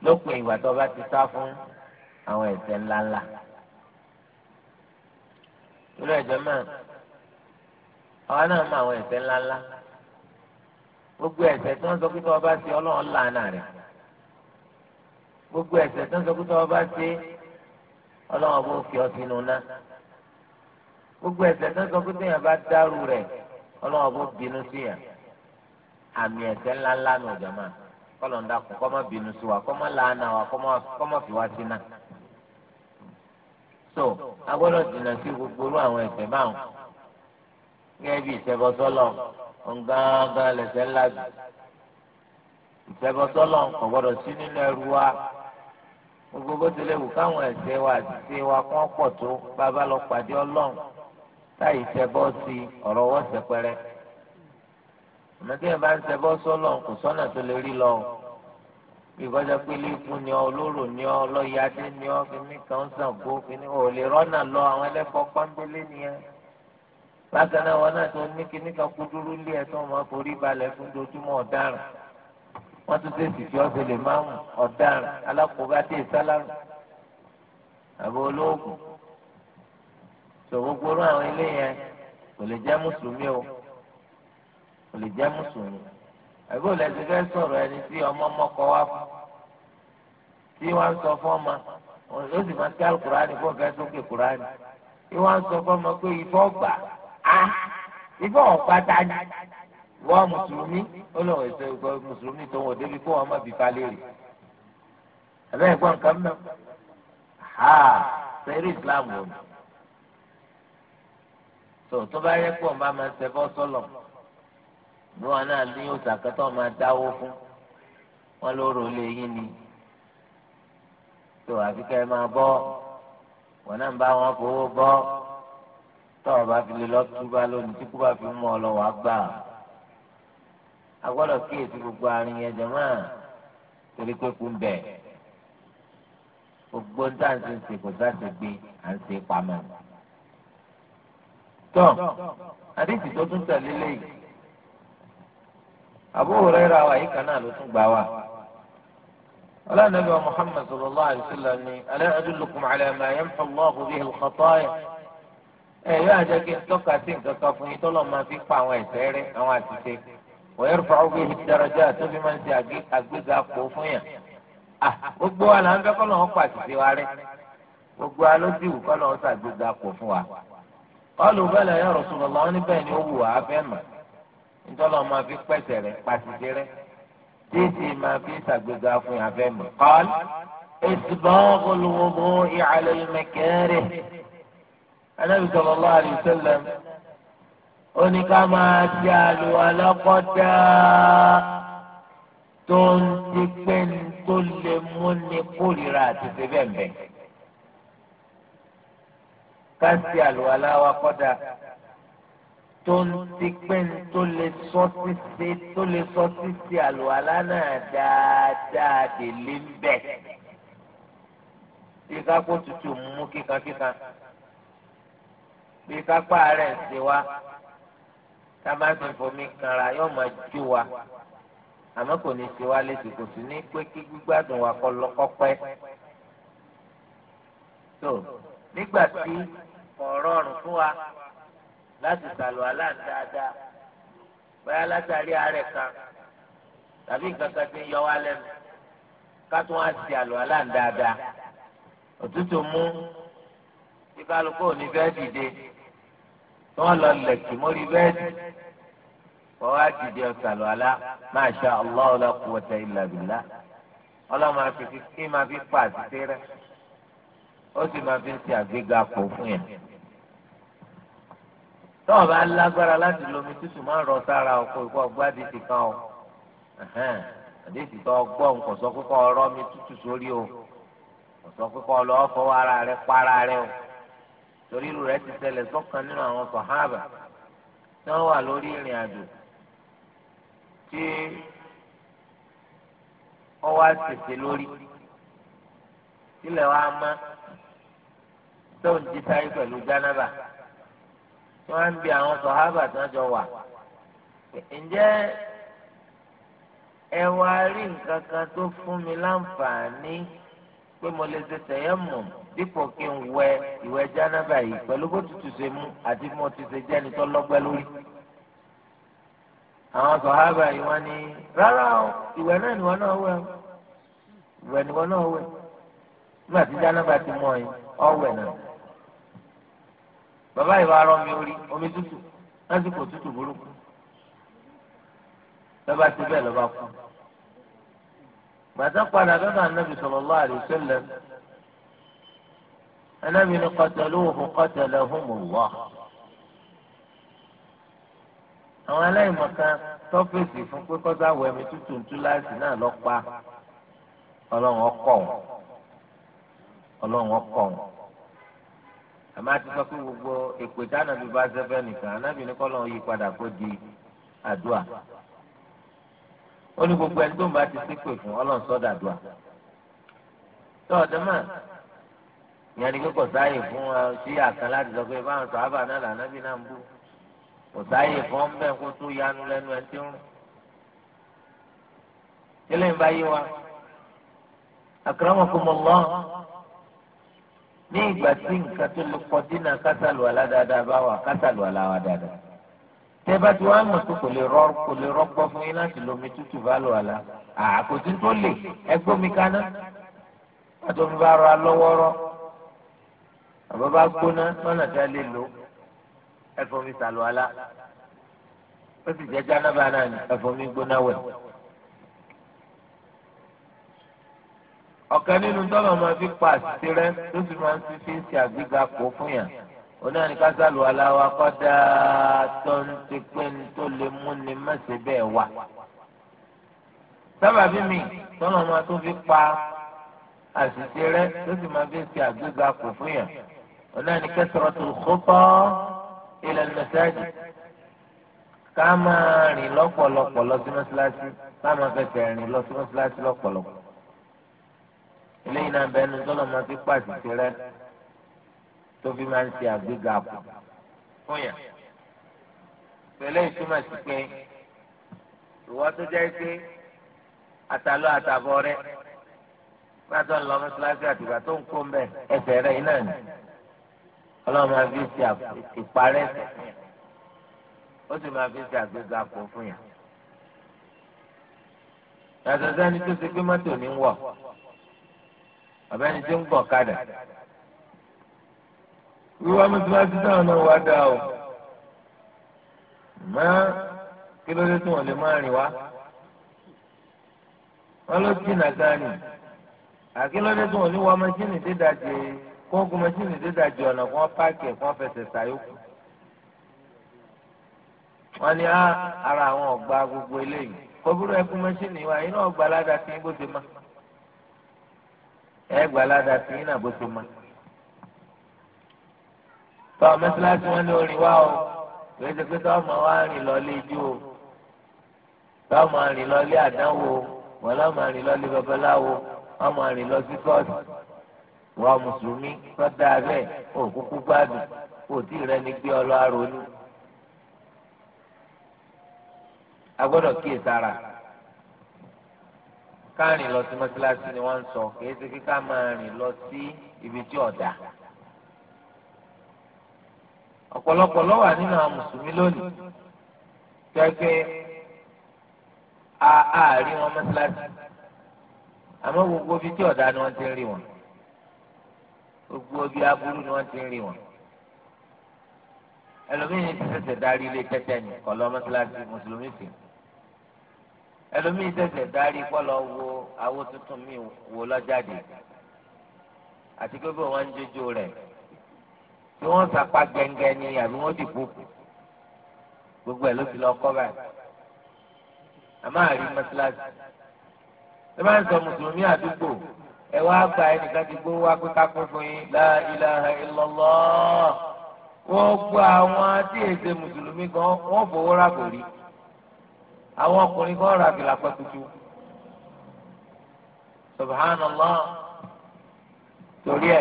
lópin ìgbà tó bá ti sá fún àwọn ẹ̀ṣẹ̀ ńláńlá irú ẹ̀jẹ̀ máa àwa náà mọ àwọn ẹ̀ṣẹ̀ ńláńlá gbogbo ẹsẹ tí wọ́n sọ pé tí wọ́n bá ṣe gbogbo ẹsẹ tí wọ́n sọ pé tí fi ọ gbogbo ẹsẹ tí wọ́n sọ pé tí wọ́n bá dárú bó bínú sí yàn àmì kọ́lọ̀ ń dákun kọ́ má bínú sí wa kọ́ má làánà wa kọ́ má fi wá sí náà. so a gbọ́dọ̀ jìnnà sí gbogbo irú àwọn ẹ̀ṣẹ̀ báwọn gẹ́gẹ́ bí ìṣẹ́bọsọ́lọ̀ ọ̀ngángan lẹ̀ṣẹ̀ ńlá jù ìṣẹ́bọsọ́lọ̀ kò gbọ́dọ̀ sí nínú ẹrú wa gbogbo bó tilẹ̀ wù káwọn ẹ̀ṣẹ̀ wa àti wa kọ́ pọ̀ tó bàbá lọ pàdé ọlọ́run táyì ṣẹbọ́ sí ọ̀rọ̀ wọ́sẹ̀ pẹ́rẹ́ àmọ́ tí yẹn bá ń ṣẹbọ sọ́lọ̀ kò sọ́nà tó lè rí lọ bí kọjá pé lékún ni ọ olóró ni ọ ọlọ́yàdé ni ọ kíní kan sàn kó kíní ò lè rọ́nà lọ àwọn ẹlẹ́kọ̀ọ́ pọ́nbélé nìyẹn bákan náà wọn náà tó ní kíní kan kúdúrú lé ẹ tó máa forí balẹ̀ fún dojúmọ́ ọ̀daràn wọ́n tún tẹ̀sí fi ọ̀sẹ̀ lè máa mú ọ̀daràn alákòóbá sálárù àbọ̀ olóògùn sọ gbogbo orú àwọn ilé yẹn kò lè jẹ́ mùsùlùmí o kò lè jẹ́ mùsùlùmí àbúrò lẹ́sìn fẹ́ sọ̀rọ̀ ẹni tí ọmọ mọ́kọ wá fún tí wọ́n sọ fún ọmọ ó sì máa ń kí alukurani fún ọ̀gá sókè kurani tí wọ́n sọ fún ọmọ pé ìfọ́ gbà á ìfọ́ ọ̀pá ta ni wọ́n mùsùlùmí ó lọ́wọ́ èso ìgbọ́ mùsùlùmí tó wọ̀ débi kó wọn má bì falẹ̀ rè abẹ́ ẹ̀gbọ́n nǹkan mọ́ ha sẹ́rí islam wò ni tó tó bá yẹ kó o níwọ̀n náà ní òsàkẹ́tọ̀ máa dáwó fún wọn lóró lé yín ni tó àfi kẹ́ ẹ máa bọ́ wọn náà ń bá wọn fowó bọ́ tọ́ọ̀ bá fi lè lọ túbá lónìí tí kú bá fi mú ọ lọ wàá gbà agbọ́dọ̀ kíyèsí gbogbo àárín yẹn jẹ̀mọ́ torí pé kú ń bẹ̀ gbogbo ń tà ń ṣe ń ṣe kò sá ṣe gbé à ń ṣe pamọ́. tọ́ àdéhùn tó tún tẹ̀lé lẹ́yìn. Abu Hurairah wa yìí kan náà ló tún gbà wá. ولا نبي محمد صلى الله عليه وسلم ألا أدلكم على ما يمحو الله به الخطايا أيها جاكين توقع سنك كفوني تولو ما في قوة سيري أو أتسي ويرفع به الدرجات بمن سيأجيك أجيك أفوفيا أه gbogbo wa la ń fẹ́ kọ́lọ́ ọ̀pọ̀ àtìsí wa rẹ̀ gbogbo wa ló dìbò kọ́lọ́ ọ̀sà gbogbo àpò fún wa. ọlùbẹ́lẹ̀ yẹn rọ̀ sùn lọ́wọ́ níbẹ̀ ni ó wù wá fẹ́ mọ̀ ntọ́lọ́ máa fi pẹ̀sẹ̀ rẹ̀ pàṣẹ rẹ̀ tíìsì máa fi ṣàgbéga fún yàfẹ́ mi. kọ́l ìsìbọ́ọ̀kù lùwọ́bù ìhàlẹ̀ ìmẹ̀kẹ́rẹ́ anábì sallallahu alaihi wasallam ó ní ká máa ṣe àlùwàlá kọ́dá tó ń ti pé tó lè múni kórìíra àti ṣe bẹ́ẹ̀ bẹ́ẹ̀ ká ṣe àlùwàlá wa kọ́dá tó ń ti pé ń tó lè sọ títí tó lè sọ títí àlùwàlá náà dáadáa délé ń bẹ̀. bí kápó tutù mú kíkankíkan bí kápá rẹ̀ ń ṣe wá tá a bá ti fomi kanra yóò máa jó wa àmọ́ kò ní ṣe wá léṣe kò sí ní pé kí gbígbádùn wa kọ́ lọ́kọ́ tó nígbà tí ọ̀rọ̀ ọ̀rùn fún wa láti sàlù aláǹdáadáa báyà látàrí àárẹ̀ kan tàbí nǹkan kan ti ń yọ wá lẹ́nu ká tún á ti àlù aláǹdáadáa òtútù mú tí kálukú ò ní bẹ́ẹ̀ dìde tí wọ́n lọ lẹ̀kì mórí bẹ́ẹ̀dì wọ́n wá dìde ọ̀sàlù alá masha Allah la quwwata illa billah ọlọ́mọ àti kí máa fi pa àti tẹ́rẹ́ ó sì máa fi ń ṣe àgbéga pò fún yẹn tọ́wọ́ bá lágbára láti lomi tútù máa ń rọ sára ọkọ̀ ìkọ́ gbádìí ti kan o àdéhùn tó gbọ́ nǹkan sọ pé kọ́ ọ̀rọ̀ mi tútù sórí o kò sọ pé kọ́ ọ lọ́ọ́ fọwọ́ ara rẹ para rẹ o torí irú rẹ ti ṣẹlẹ̀ sọ́kàn nínú àwọn sọ̀háàbà tí wọ́n wà lórí ìrìn àjò tí wọ́n wá tètè lórí sílẹ̀ wá má tóun ti sáyé pẹ̀lú jánábà wọ́n á ń bi àwọn sọ̀hábà tí wọ́n jọ wà. ǹjẹ́ ẹ wá rí nǹkan kan tó fún mi láǹfààní pé mo lè ṣe tẹ̀yẹ̀mù dípò kí n wẹ ìwẹ̀ jánábà yìí pẹ̀lú bó tutù ṣe mú àti mo ti ṣe jẹ́ni tó lọ́gbẹ́ lórí.
àwọn sọ̀hábà yìí wọ́n
ní rárá o ìwẹ̀ náà ni wọ́n náà wẹ̀ o ìwẹ̀ ni wọ́n náà wẹ̀ nígbà tí jánábà ti mọ̀ ọ́ wẹ̀ náà bàbá ìwà arọ mi orí omi tútù lásìkò tútù burúkú lọba ti bẹ́ẹ̀ lọba kú gbàtà padà lọ́dọ̀ anabi sallallahu alaihi wasallam anabi ni qataluhu qatalahumullah àwọn aláìmọ̀kan tọ́fẹ̀sì fún pé kọ́sá wọ ẹ̀mí tútù ń náà lọ pa
ọlọ́run ọkọ̀
wọn ọlọ́run àmọ́ àti sọ pé gbogbo èpè dáná bí bá sẹ́fẹ́ nìkan anábì ní kọ́lọ́ yí padà kó di àdúà ó ní gbogbo ẹni tó ń bá ti ṣépè fún ọlọ́run sọ́dà àdúà tó ọ̀dọ́ mà ìyẹn ni pé kò sáàyè fún uh, ṣí àkàn láti sọ pé báwọn sọ ábà náà là nábì náà ń bú kò sáàyè fún ọmọ kó tó yanu lẹ́nu ẹ tí ń kílẹ̀ ń bá yé wa akramakumullah
ní ìgbà tí nǹkan
tó lè kọ dínà kásàlù aládáadáa bá wà kásàlù aláwa dáadáa tẹ bá ti wá mọ̀ tó kò lè rọ kò lè rọgbọ́ fún yín láti lomi tútù bá lò àlá àkòtí tó lè ẹgbẹ́ kaná àti omi bá rọ alọ́wọ́rọ́ àbá bá gbóná lọ́nà tá a lè lò ẹ̀fọ́ mi sàlù àlá ó sì jẹ́ jánábà náà ẹ̀fọ́ mi gbóná wẹ̀. ọ̀kan nínú tọ́lọ̀ máa fi pa àṣìṣe rẹ tó sì máa ń fi fi ń ṣe àgbéga kó fún yàn onáà ní kásálù aláwa kọ́dà tó ń ti pé ní tó lè mú ni mẹ́sẹ̀ bẹ́ẹ̀ wà. sábàbí mi tọ́lọ̀ máa tó fi pa àṣìṣe rẹ tó sì máa fi ń ṣe àgbéga kó fún yàn onáà ní kẹsàrọ̀ tó
ilẹ̀ mẹ́sáàgì
ká máa rìn lọ́pọ̀lọpọ̀ lọ sí mọ́ṣáláṣí ká máa fẹsẹ̀ rìn lọ sí mọ́ṣáláṣí lọ́pọ̀lọpọ̀ eléyìí náà bẹ́ẹ̀ ni tọ́lọ̀ máa fi pàṣẹ sí rẹ tó fi máa ń ṣe àgbéga àpò fún yà pẹ̀lú ìtumọ̀ sí pé ìwọ tó jẹ́ pé àtàlọ́ àtàbọ̀ rẹ gbà tó ń lọ mọ́ṣáláṣí àtìgbà tó ń kó mbẹ́ ẹsẹ̀ rẹ iná ni ọlọ́run máa fi ṣe ìparẹ́ ẹsẹ̀ ó sì máa fi ṣe àgbéga àpò fún yà.
yàtọ̀ sẹ́ni tó ṣe pé mọ́tò ní wọ̀
abẹ́ni tí ń gbọ̀n kadà wíwá mọ́tíláṣí náà náà wá dá o mọ́
kí ló dé tí wọ́n lè máa rìn wá wọ́n ló jìnnà gani
àkínlọ́dé tí wọ́n ní wọ́n mẹ́ṣíìnì dídàjẹ́ kóńgùn mẹ́ṣíìnì dídàjẹ́ ọ̀nà kan páàkì kan fẹsẹ̀ sàyókù wọ́n ní ah, ara àwọn ọ̀gbà gbogbo eléyìí kọ́búrú ẹkún mẹ́ṣíìnì wa iná ọ̀gbà ládàá sí bó ti máa ẹ gbà ládà sí iná bó ṣe mọ. tọ́ mẹ́sàlásì wọn ní orí wa o gbèsè pé tọ́ ọmọ wa rìn lọ́lé ijó o tọ́ ọmọ rìn lọ́lé àdánwò o wọ́n lọ́ máa rìn lọ́lé babaláwo wọ́n máa rìn lọ sí kọ́ọ̀sì wọ́n mùsùlùmí tọ́da abẹ́ ò gbádùn kò tí ì rẹni gbé ọ lọ àròlù. a gbọ́dọ̀ kíyèsára kárìn lọ sí mọ́sálásí ni wọ́n ń sọ kìí ṣe kí ká máa rìn lọ sí ibi tí ọ̀dà. ọ̀pọ̀lọpọ̀ ló wà nínú àwọn mùsùlùmí lónìí jẹ́ pé wọn mọ́sálásí àmọ́ gbogbo ibi tí ọ̀dà ni wọ́n ti ń rí wọn gbogbo ibi aburú ni wọ́n ti ń rí wọn ẹlòmíín ti ṣẹ̀ṣẹ̀ darí ilé tẹ́tẹ́ ni kọ̀ lọ́ mọ́sálásí mùsùlùmí sí i ẹlòmíì tẹsẹ̀ dárí kọlọ wo awo tuntun mi wò lọ́jáde àti pé bí wọ́n ń jójó rẹ̀ tí wọ́n sàpá gẹ́ngẹ́ ni àbí wọ́n dìbò gbogbo ẹ̀ ló ti lọ kọ́ báyìí àmọ́ àrí mọ́sálásí
ẹ máa ń sọ mùsùlùmí àdúgbò ẹ wá gba
ẹnìkan ti gbó wá pé kápẹ́ fún yín la ilaha illallah wọ́n gbọ́ àwọn tí èsè mùsùlùmí gan wọ́n fowó rábò rí
àwọn ọkùnrin kan ra fìlà
pẹ́kutu subhanallah torí ẹ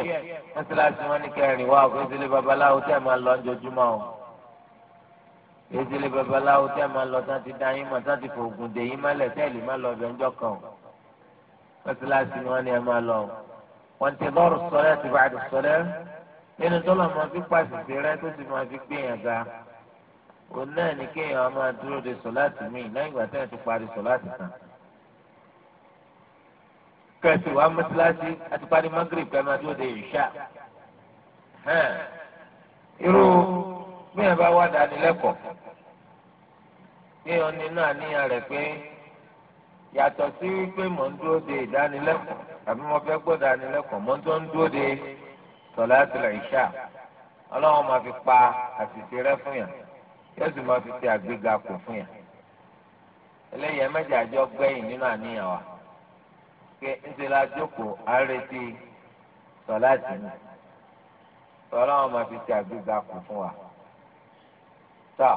mọ́sálásí wọn ní kẹrin wá òkè ìdílé babaláwo tẹ́ ẹ máa lọ ojoojúmọ́ o
ìdílé babaláwo tẹ́
ẹ máa lọ tán ti dá yín mọ̀ tán ti fòògùn dè yín mọ́lẹ̀ tẹ́ẹ̀lì má lọ ọbẹ̀ ńjọ́ kan o mọ́sálásí wọn ní ẹ máa lọ o wọn ti lọ́rùn sọ́lẹ́ ti bàdùn sọ́lẹ́ nínú tọ́lọ̀ máa fi pàṣẹ sí rẹ tó ti máa fi gbé òun náà ni kéèyàn máa dúró de sọláàtì míì lẹ́yìn ìgbà tẹ́yìn ti parí sọláàtì kan. kẹsì wàá mọ́sálásí àti parí magrib kẹ́ máa dúró de ìṣá.
irú bíyàn bá wá dánilẹ́kọ̀ọ́
kéèyàn nínú àníyàn rẹ̀ pé yàtọ̀ sí wípé mò ń dúró de ìdánilẹ́kọ̀ọ́ àbí mo fẹ́ gbọ́ dánilẹ́kọ̀ọ́ mò ń tó ń dúró de sọláàtì ìṣá ọlọ́run máa fi pa àṣìṣe rẹ fún yàn yóò sì máa fi ṣe àgbéga kò fún yà eléyìí ẹ̀mẹ́jì àjọ gbẹ̀yìn nínú àníyàn wa pé ńṣe la jókòó àrètí sọ̀láàtì ni sọ̀rọ̀ àwọn fi ṣe àgbéga kò fún wa. tọ́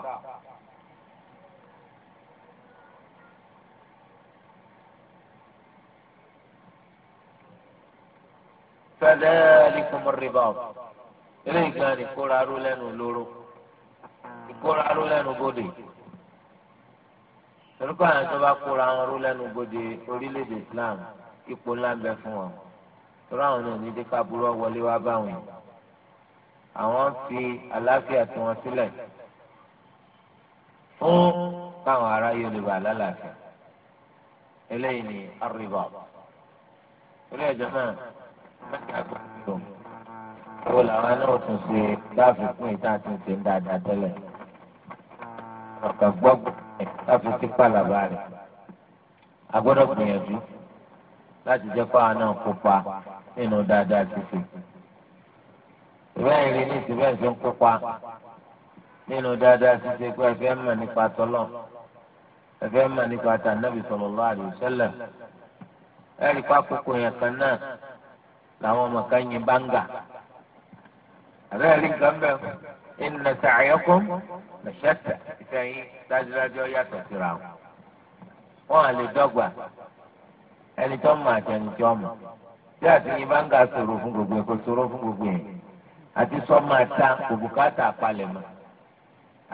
fẹ́lẹ́ ẹ̀rí eléyìí gan ni kóra ró lẹ́nu lóró ìkóra ró lẹ́nu bodè torúkọ àwọn tó bá kóra wọn ró lẹ́nu bodè orílẹ̀-èdè Islam ipò ńlá ń bẹ fún wọn torọ àwọn náà ní dípá burú wọlé wá báwọn àwọn ń fi àlàáfíà tí wọn sílẹ̀ fún káwọn ará Yorùbá lálàáfíà eléyìí ni àríwá orí ẹjọ́ náà mẹ́ta gbọ́dọ̀ wọ́n làwọn náà tún ṣe láàfin fún ìtàn àti ìṣe tẹ́lẹ̀ ọ̀kà gbọ́gbọ́ láfi sí pàlàbà rẹ̀ a gbọ́dọ̀ gbìyànjú láti jẹ́ fáwọn náà kópa nínú dáadáa ṣíṣe ìbẹ́ẹ̀ rí ní ìsìnbẹ́ẹ̀ ṣe ń kópa nínú dáadáa ṣíṣe pé ẹ fẹ́ mọ̀ nípa tọ́lọ̀ ẹ fẹ́ mọ̀ nípa tànàbì sallallahu alaihi wasallam
ẹ rí pákókò yẹn kan náà
làwọn ọmọ kan yin báńgà àbẹ́ẹ̀ rí nǹkan bẹ́ẹ̀ inna sa'yakum lẹ́sẹ̀tẹ̀ ìtẹ̀yìn dájúdájú yàtọ̀ síra wọn. wọn lè dọ́gba ẹni tó mọ àtẹni tí àtìyìn bá ń ga sọ̀rọ̀ fún gbogbo ẹ̀ kò sọ̀rọ̀ fún gbogbo ẹ̀ àti sọ́mọ ata kò bùkátà palẹ̀mọ́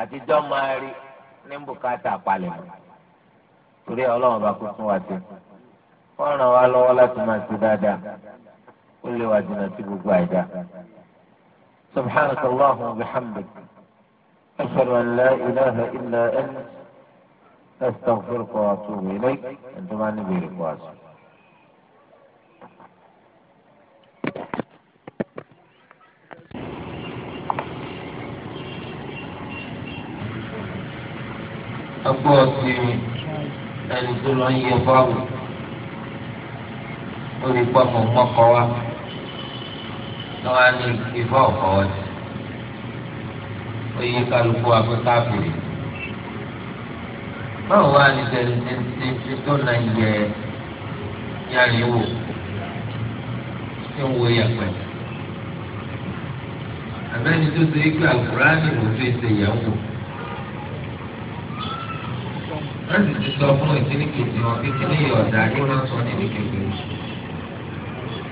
àti dọ́mọ rí ní torí ọlọ́run bá kó tún wá sí ràn wá lọ́wọ́ láti máa سبحانك اللهم وبحمدك أشهد أن لا إله إلا أنت أستغفرك وأتوب إليك أنت مع النبي الواسع أبو ẹni tó فاضل ń فاضل fáwọn wọn wá ní ìfọ ọfọwọ jù oyin kálukú agbẹ́káfìrì báwo wá ní tẹ̀síntì tó na yẹ yàrá wò tí ń wo yàgbẹ́ abẹ́ni tó ṣe ikú àgùránì wò tó ṣe yẹ̀wò wọ́n sì ti sọ fún ìkíníkejì wọn pé kíní yọ̀ọ̀dà ni wọ́n sọ nínú kékeré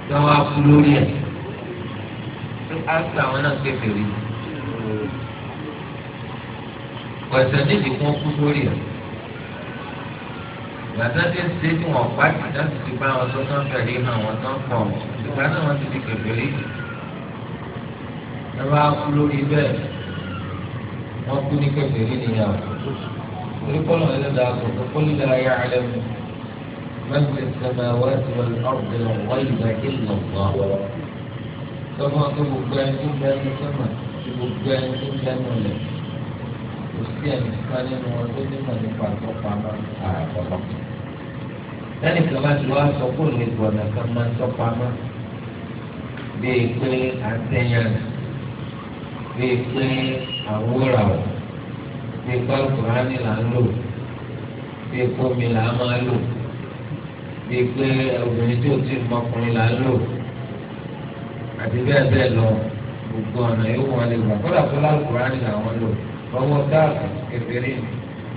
tí wọ́n á lórí ẹ̀ áfíà àwọn náà kékeré pẹ̀sẹ̀ nídìí kún kú sórí ẹ̀ gbàtà tí ń ṣe tí wọ́n pa jù láti ti bá wọn tó tán fẹ̀rí hàn wọ́n tán pọ̀ ìgbà náà wọ́n ti di kékeré ẹ bá kú lórí bẹ́ẹ̀ wọ́n kú ní kékeré nìyàwó torí kọ́lọ̀ ẹlẹ́dàá kò tó kọ́lí láyé alẹ́ mi. من في السماوات والأرض الغيب إلا الله sọ fún ọ pé gbogbo ẹni tó ń bẹ ẹni tó mọ̀ àti gbogbo ẹni tó ń bẹ ẹni lẹ̀ kò sí ẹni ká nínú wọn tó ní mọ̀ nípa àtọ́pamọ́ àràkọ́lọ́. lẹ́nu kan bá ti wá sọ kó lè gbọ̀nà kan máa tọ́pamọ́ bíi pé àtẹ̀yàn bíi pé àwòràwọ̀ bíi pé àkùránì là ń lò bíi pé omi là ń máa lò bíi pé obìnrin tí ò tí mọkùnrin là ń lò àti bẹ́ẹ̀ bẹ́ẹ̀ lọ gbogbo ọ̀nà yóò wọ́n lè gbà kọ́dà tó lálùkùrá ni làwọn lò lọ́wọ́ dáàbò kékeré ni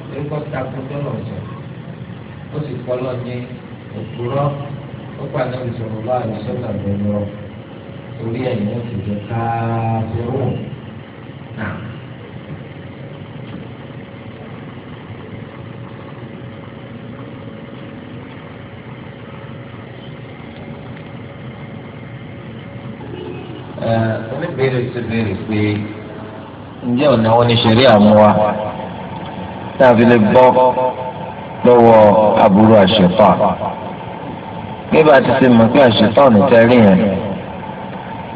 lórúkọ takò tó lọ sọ ó sì kọ́lọ́ ní òkúrọ́ ó pàdé ìṣòro bá àlùsọ́nà lọ́wọ́ torí ẹ̀yìn ó ti jẹ káàbọ̀ náà. béèrè tó béèrè pé ǹjẹ́ ọ̀nà wọn ni ṣẹ̀rí àmúwa náà fi lè bọ́ lọ́wọ́ aburú àṣepá nígbà tí ṣe mọ̀ pé àṣepá ọ̀nà tẹ́rí yẹn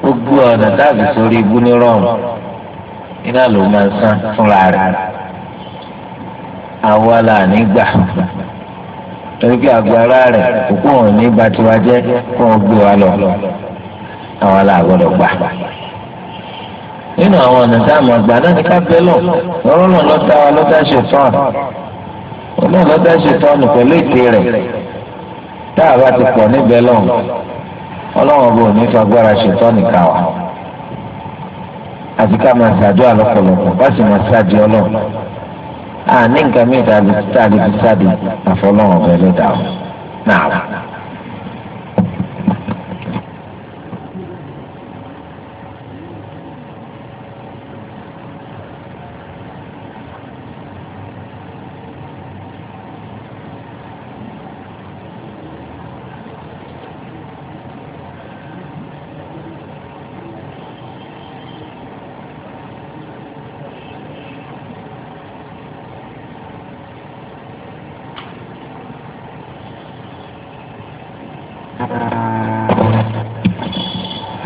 gbogbo ọ̀nà dáàbì sórí ibú ní rọrùn iná ló máa ń san fúnra rẹ̀ àwa là nígbà torí pé agbára rẹ̀ òkú òun ní bá tiwa jẹ́ kó o gbé wa lọ àwa là gbọ́dọ̀ gbà nínú àwọn ọ̀nà tá a mọ̀ gbà náà ní ká bẹ́ lọ ọ̀rọ̀ náà lọ́tà wa lọ́tà ṣe fún ọ náà lọ́tà ṣe fún ọ pẹ̀lú ète rẹ̀ tá a bá ti pọ̀ níbẹ̀ lọ́wọ́ ọlọ́wọ́n bò ní fagbára ṣe fún ọ̀nìkà wa àti ká máa ṣàdúrà lọ́pọ̀lọpọ̀ bá sì máa ṣáàdì ọlọ́run àní nǹkan mìíràn tá a lè fi ṣáàdì àfọlọ́wọ́n bẹ̀rẹ̀ dáhùn náà.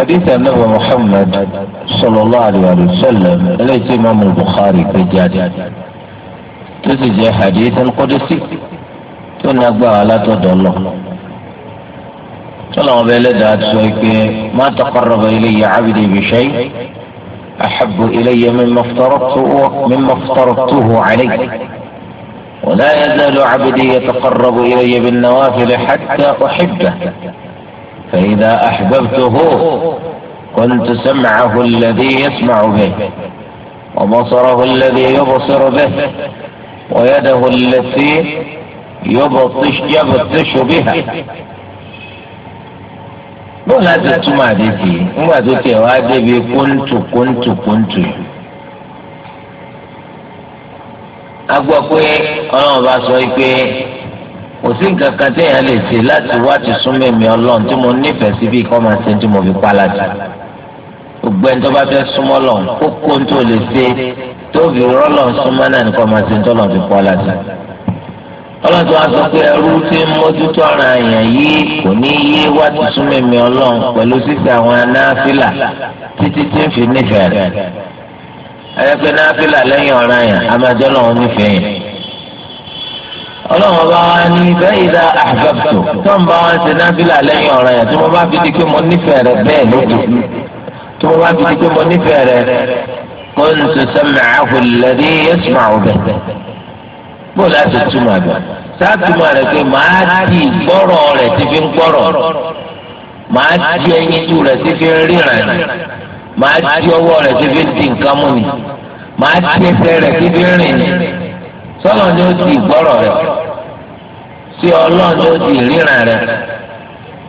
حديث النبي محمد صلى الله عليه وسلم ليس إمام البخاري في جاد تسجى حديث القدسي تنقى على تدله صلى الله عليه وسلم ما تقرب إلي عبدي بشيء أحب إلي مما افترضته مما افترضته علي ولا يزال عبدي يتقرب إلي بالنوافل حتى أحبه فإذا أحببته كنت سمعه الذي يسمع به وبصره الذي يبصر به ويده التي يبطش يبطش بها bó láti túmọ̀ àdéhì nígbà tó tẹ̀ wá débi kóńtù kóńtù kóńtù yìí. a gbọ́ pé ọlọ́run bá sọ pé kò sí nǹkan kan téèyàn lè ṣe láti wá ti súnmọ́ èmi ọlọ́run tí mo nífẹ̀ẹ́ sí bí kọ́ máa ṣe tí mo fi pa láti. gbogbo ẹni tó bá fẹ́ súnmọ́ lọ kókó tó lè ṣe tó fi rọ́lọ̀ súnmọ́ náà nìkan máa ṣe tó lọ́ọ́ fi pa láti. ọlọ́run tó wá sọ pé ẹrú tí ń mójútó ara èèyàn yìí kò ní yé wá ti súnmọ́ èmi ọlọ́run pẹ̀lú ṣíṣe àwọn anáfílà títí tí ń fi nífẹ̀ẹ́ rẹ̀. ẹ̀rẹ́ ọlọ́run ọba wa ní bẹ́ẹ̀dá àgbàtò tó ń bá wọn ṣe nábìlà lẹ́yìn ọ̀rọ̀ yẹn tí mo bá fi di pé mo nífẹ̀ẹ́ rẹ bẹ́ẹ̀ lójú tí mo bá fi di pé mo nífẹ̀ẹ́ rẹ mo ń sọsọ mẹ́àkù lẹ́dí yéṣu àwọn bẹ́ẹ̀ bó láti túmọ̀ bẹ́ẹ̀ sátúmọ̀ rẹ pé màá di gbọ́rọ̀ rẹ ti fi ń gbọ́rọ̀ màá di ẹyin tu rẹ ti fi ń ríran ni màá di ọwọ́ rẹ ti fi ń di nǹkan mú ni màá di ẹsẹ̀ rẹ ti fi ń rìn ni. sọ́lọ́ ni ó ti gbọ́rọ̀ rẹ̀ sí ọlọ́ọ̀ ni ó ti ríran rẹ̀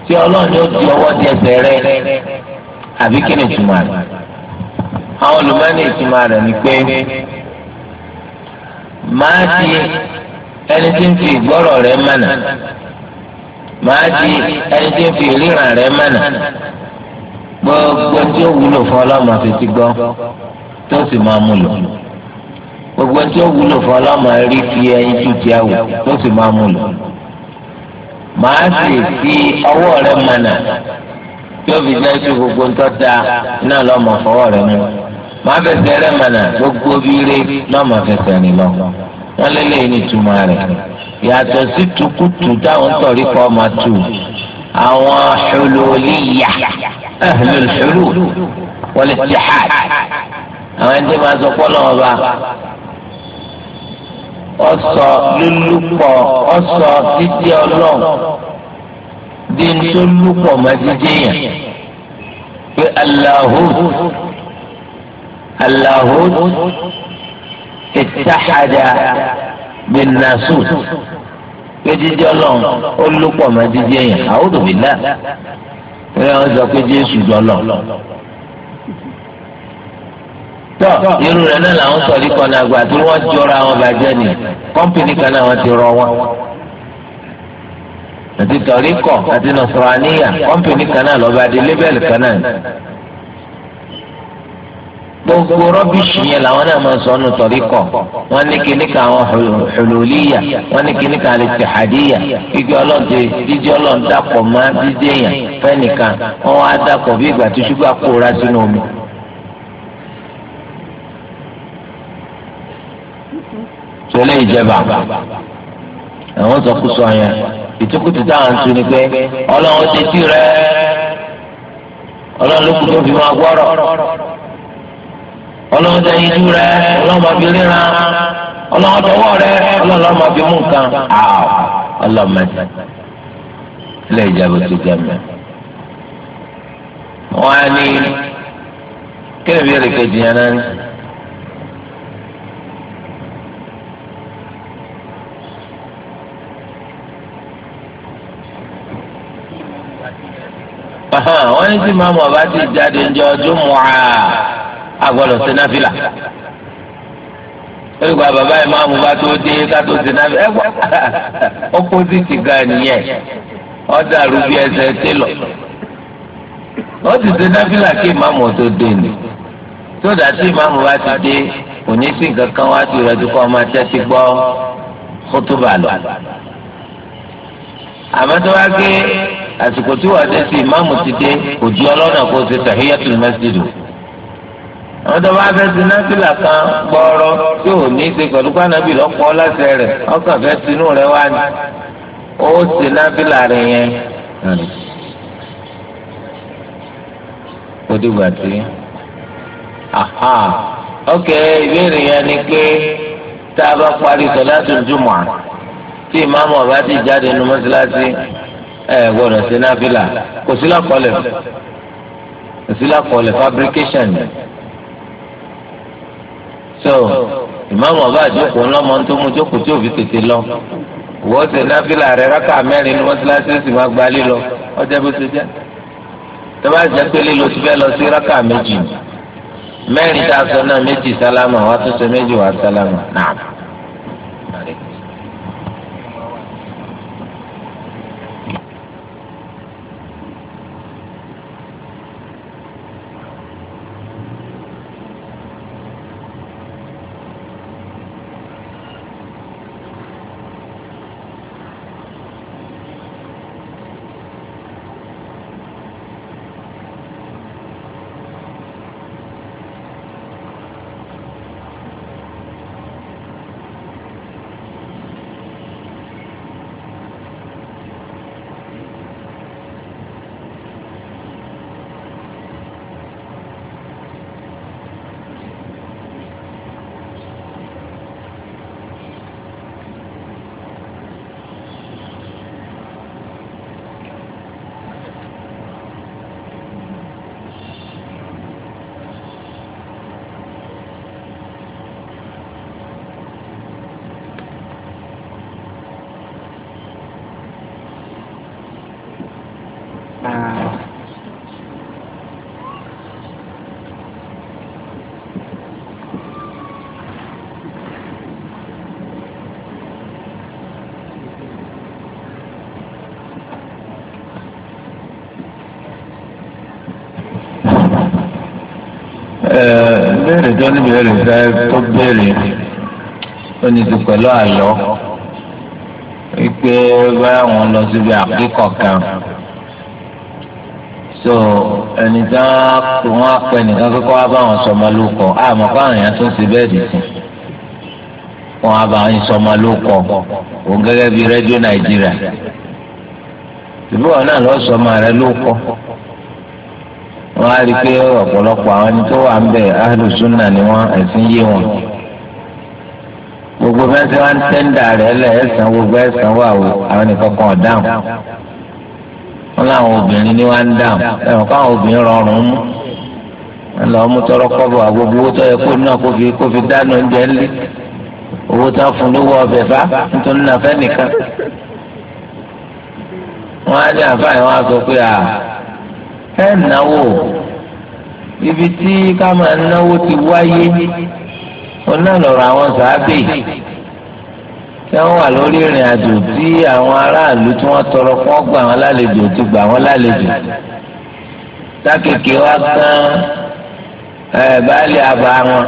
sí ọlọ́ọ̀ ni ó ti ọwọ́ di ẹsẹ̀ rẹ̀ àbí kí ni ìtumọ̀ rẹ̀ àwọn ìtumọ̀ rẹ̀ ni pé máa di ẹni tí ń fi ìgbọ́rọ̀ rẹ̀ mọ̀nà máa di ẹni tí ń fi ìríran gbogbo ti gbọ́ tó gbogbo tí ó wúlò fún ọlọ́mọ rí fi ẹyin tù tí a wù tó sì máa mú lò màá sì fi ọwọ́ rẹ mọ̀nà tí ó fi jẹ́ sí gbogbo ń tọ́ da iná lọ́mọ fọwọ́ rẹ mú màá fẹsẹ̀ rẹ mọ̀nà gbogbo bí rẹ lọ́mọ fẹsẹ̀ rìn lọ wọ́n lélẹ́yìn ní ìtumọ̀ rẹ̀ yàtọ̀ sí tukutu táwọn tọ̀rí kọ́ máa tù àwọn hululiyya ahlul hulul wal ittihad àwọn ẹni tí ọsọ lólùpọ̀ ọsọ títí ọlọ́run bí n tó lùpọ̀ má dídé yẹn pé aláhùd aláhùd ìtàhàdà bìnnàṣù pé dídé ọlọ́run ó lùpọ̀ má dídé yẹn àwùjọ bìnnà
pé wọ́n sọ pé jésù
jọlọ tọ irú rẹ̀ náà làwọn sọ̀rí kan náà gbà tí wọ́n jọra wọn bàjẹ́ ni kọ́mpìnì kan náà wọ́n ti rọ wọn àti tọ̀ríkọ̀ àti nọ̀sọ̀ràníyà kọ́mpìnì kan náà lọ́ba di lébẹ̀lì kan náà gbogbo rọ́bìṣì yẹn làwọn náà máa sọ ọ́nù tọ̀ríkọ̀ wọ́n ní kíní kan àwọn hululiyya wọ́n ní kíní kan al-ittihadiyya gbígbé ọlọ́dẹ jíjẹ́ ọlọ́dẹ dàpọ̀ máa dídé yẹn fẹ́nìkan wọ́n wá dàpọ̀ bí ìgbà tó ṣúgà kóra sínú omi. tẹlẹ ìjẹba àwọn sọkúsọ yẹn ìtukùtù táwọn ń tu ni pé ti tì rẹ
ọlọ́run ló fi máa rẹ
ọlọ́run máa fi ríran ọlọ́run tọwọ́ rẹ ọla máa fi mú nǹkan ọlọ́run mẹ́ta tẹlẹ ìjẹba ti jẹ mẹ. á ní kí ni wọ́n ní tí màmú ọba ti jáde ń jẹ ọdún mọ́à agbọ́dọ̀ sí náfìlà olùkọ́ bàbá ìmáàmù bá tó dé kátó sí náfìlà ẹ̀ gbọ́ [laughs] opposite gan nìyẹn ọ̀dà rúbi ẹsẹ̀ télọ̀ ó sì sí náfìlà kí ìmáàmù tó dé ni tó dà tí ìmáàmù bá ti dé òní sí nǹkan kan wá sí ìrẹ́jú kọ́ ọmọ tẹ́tí gbọ́ kótó bàlọ́ àmọ́ tó wá gé àsìkò tí wàá dé sí ìmáàmù ti dé kò ju ọlọ́nà kó ṣe tahiyatul masjid àwọn tó bá fẹ́ sí náfìlà kan gbọ́ọ́rọ́ tí ò ní í ṣe pẹ̀lú pànàbì lọ́pọ̀ láṣẹ rẹ̀ ọkàn fẹ́ sínú rẹ̀ wá ní ó ṣe náfìlà rẹ̀ yẹn. ó dìgbà tí ok ìbéèrè yẹn ni pé
tá a bá parí sọ̀látùl jumu'ah
tí ìmáàmù ọ̀bá ti jáde nu mọ́ṣáláṣí ẹ gbọ́dọ̀ ṣe náfìlà kò sí lákọọlẹ̀ kò sí lákọọlẹ̀ fabrication ni so ìmáàmù ọba àjókòó ńlọmọ tó mú jókòó tí òfin tètè lọ wọ́n ṣe náfìlà rẹ̀ rákà mẹ́rin ni wọ́n ti láti ṣe máa gba lílọ ọjọ́ bó ṣe jẹ́ tọ́ba jẹ́ pé lílo ti fẹ́ lọ sí rákà méjì mẹ́rin tá a sọ náà méjì sálámà wàá tún ṣe méjì wàá sálámà náà. tó níbèrè fẹ́ tó béèrè ó ní ti pẹ̀lú àlọ́ wípé báyà wọn lọ síbi àkíkọ̀ kan so ẹni tí wọn kò wọn pẹ nìkan kókó wá bá wọn sọmọ lóko àmọ́ kó àwọn èèyàn tún ti bẹ́ẹ̀ dì sí wọn á bá wọn sọmọ lóko òun gẹ́gẹ́ bíi rédíò nàìjíríà ìbúwọ̀n náà lọ sọmọ rẹ lóko wọn á rí i pé ọ̀pọ̀lọpọ̀ àwọn ẹni tó wà ń bẹ̀ ahlu sunna ni wọ́n ẹ̀sìn yé wọn. gbogbo fẹ́ǹsì wa ń tẹ́ńdà rẹ̀ lẹ̀ ẹ̀sán gbogbo ẹ̀sán wà o àwọn nìkan kan ọ̀dáhùn. wọn láwọn obìnrin ni wọ́n ń dáhùn ẹ̀wọ̀n káwọn obìnrin rọrùn mú. wọn lọ mú tọrọ kọ́bọ̀ àgbogbo owó tó yẹ kó náà kó fi kó fi dáná oúnjẹ ńlẹ̀ owó tó fún lówó ọbẹ̀ bá nítorí náà fẹ́ nìkan. wọ́n á ní àfáà ẹ náwó ibi tí ká máa náwó ti wáyé òun náà lọ̀rọ̀ àwọn sàábì tí wọ́n wà lórí ìrìn àjò tí àwọn aráàlú tí wọ́n tọrọ kí wọ́n gbà wọ́n lálejò ti gbà wọ́n lálejò sákèké wa gan baálé àbá wọn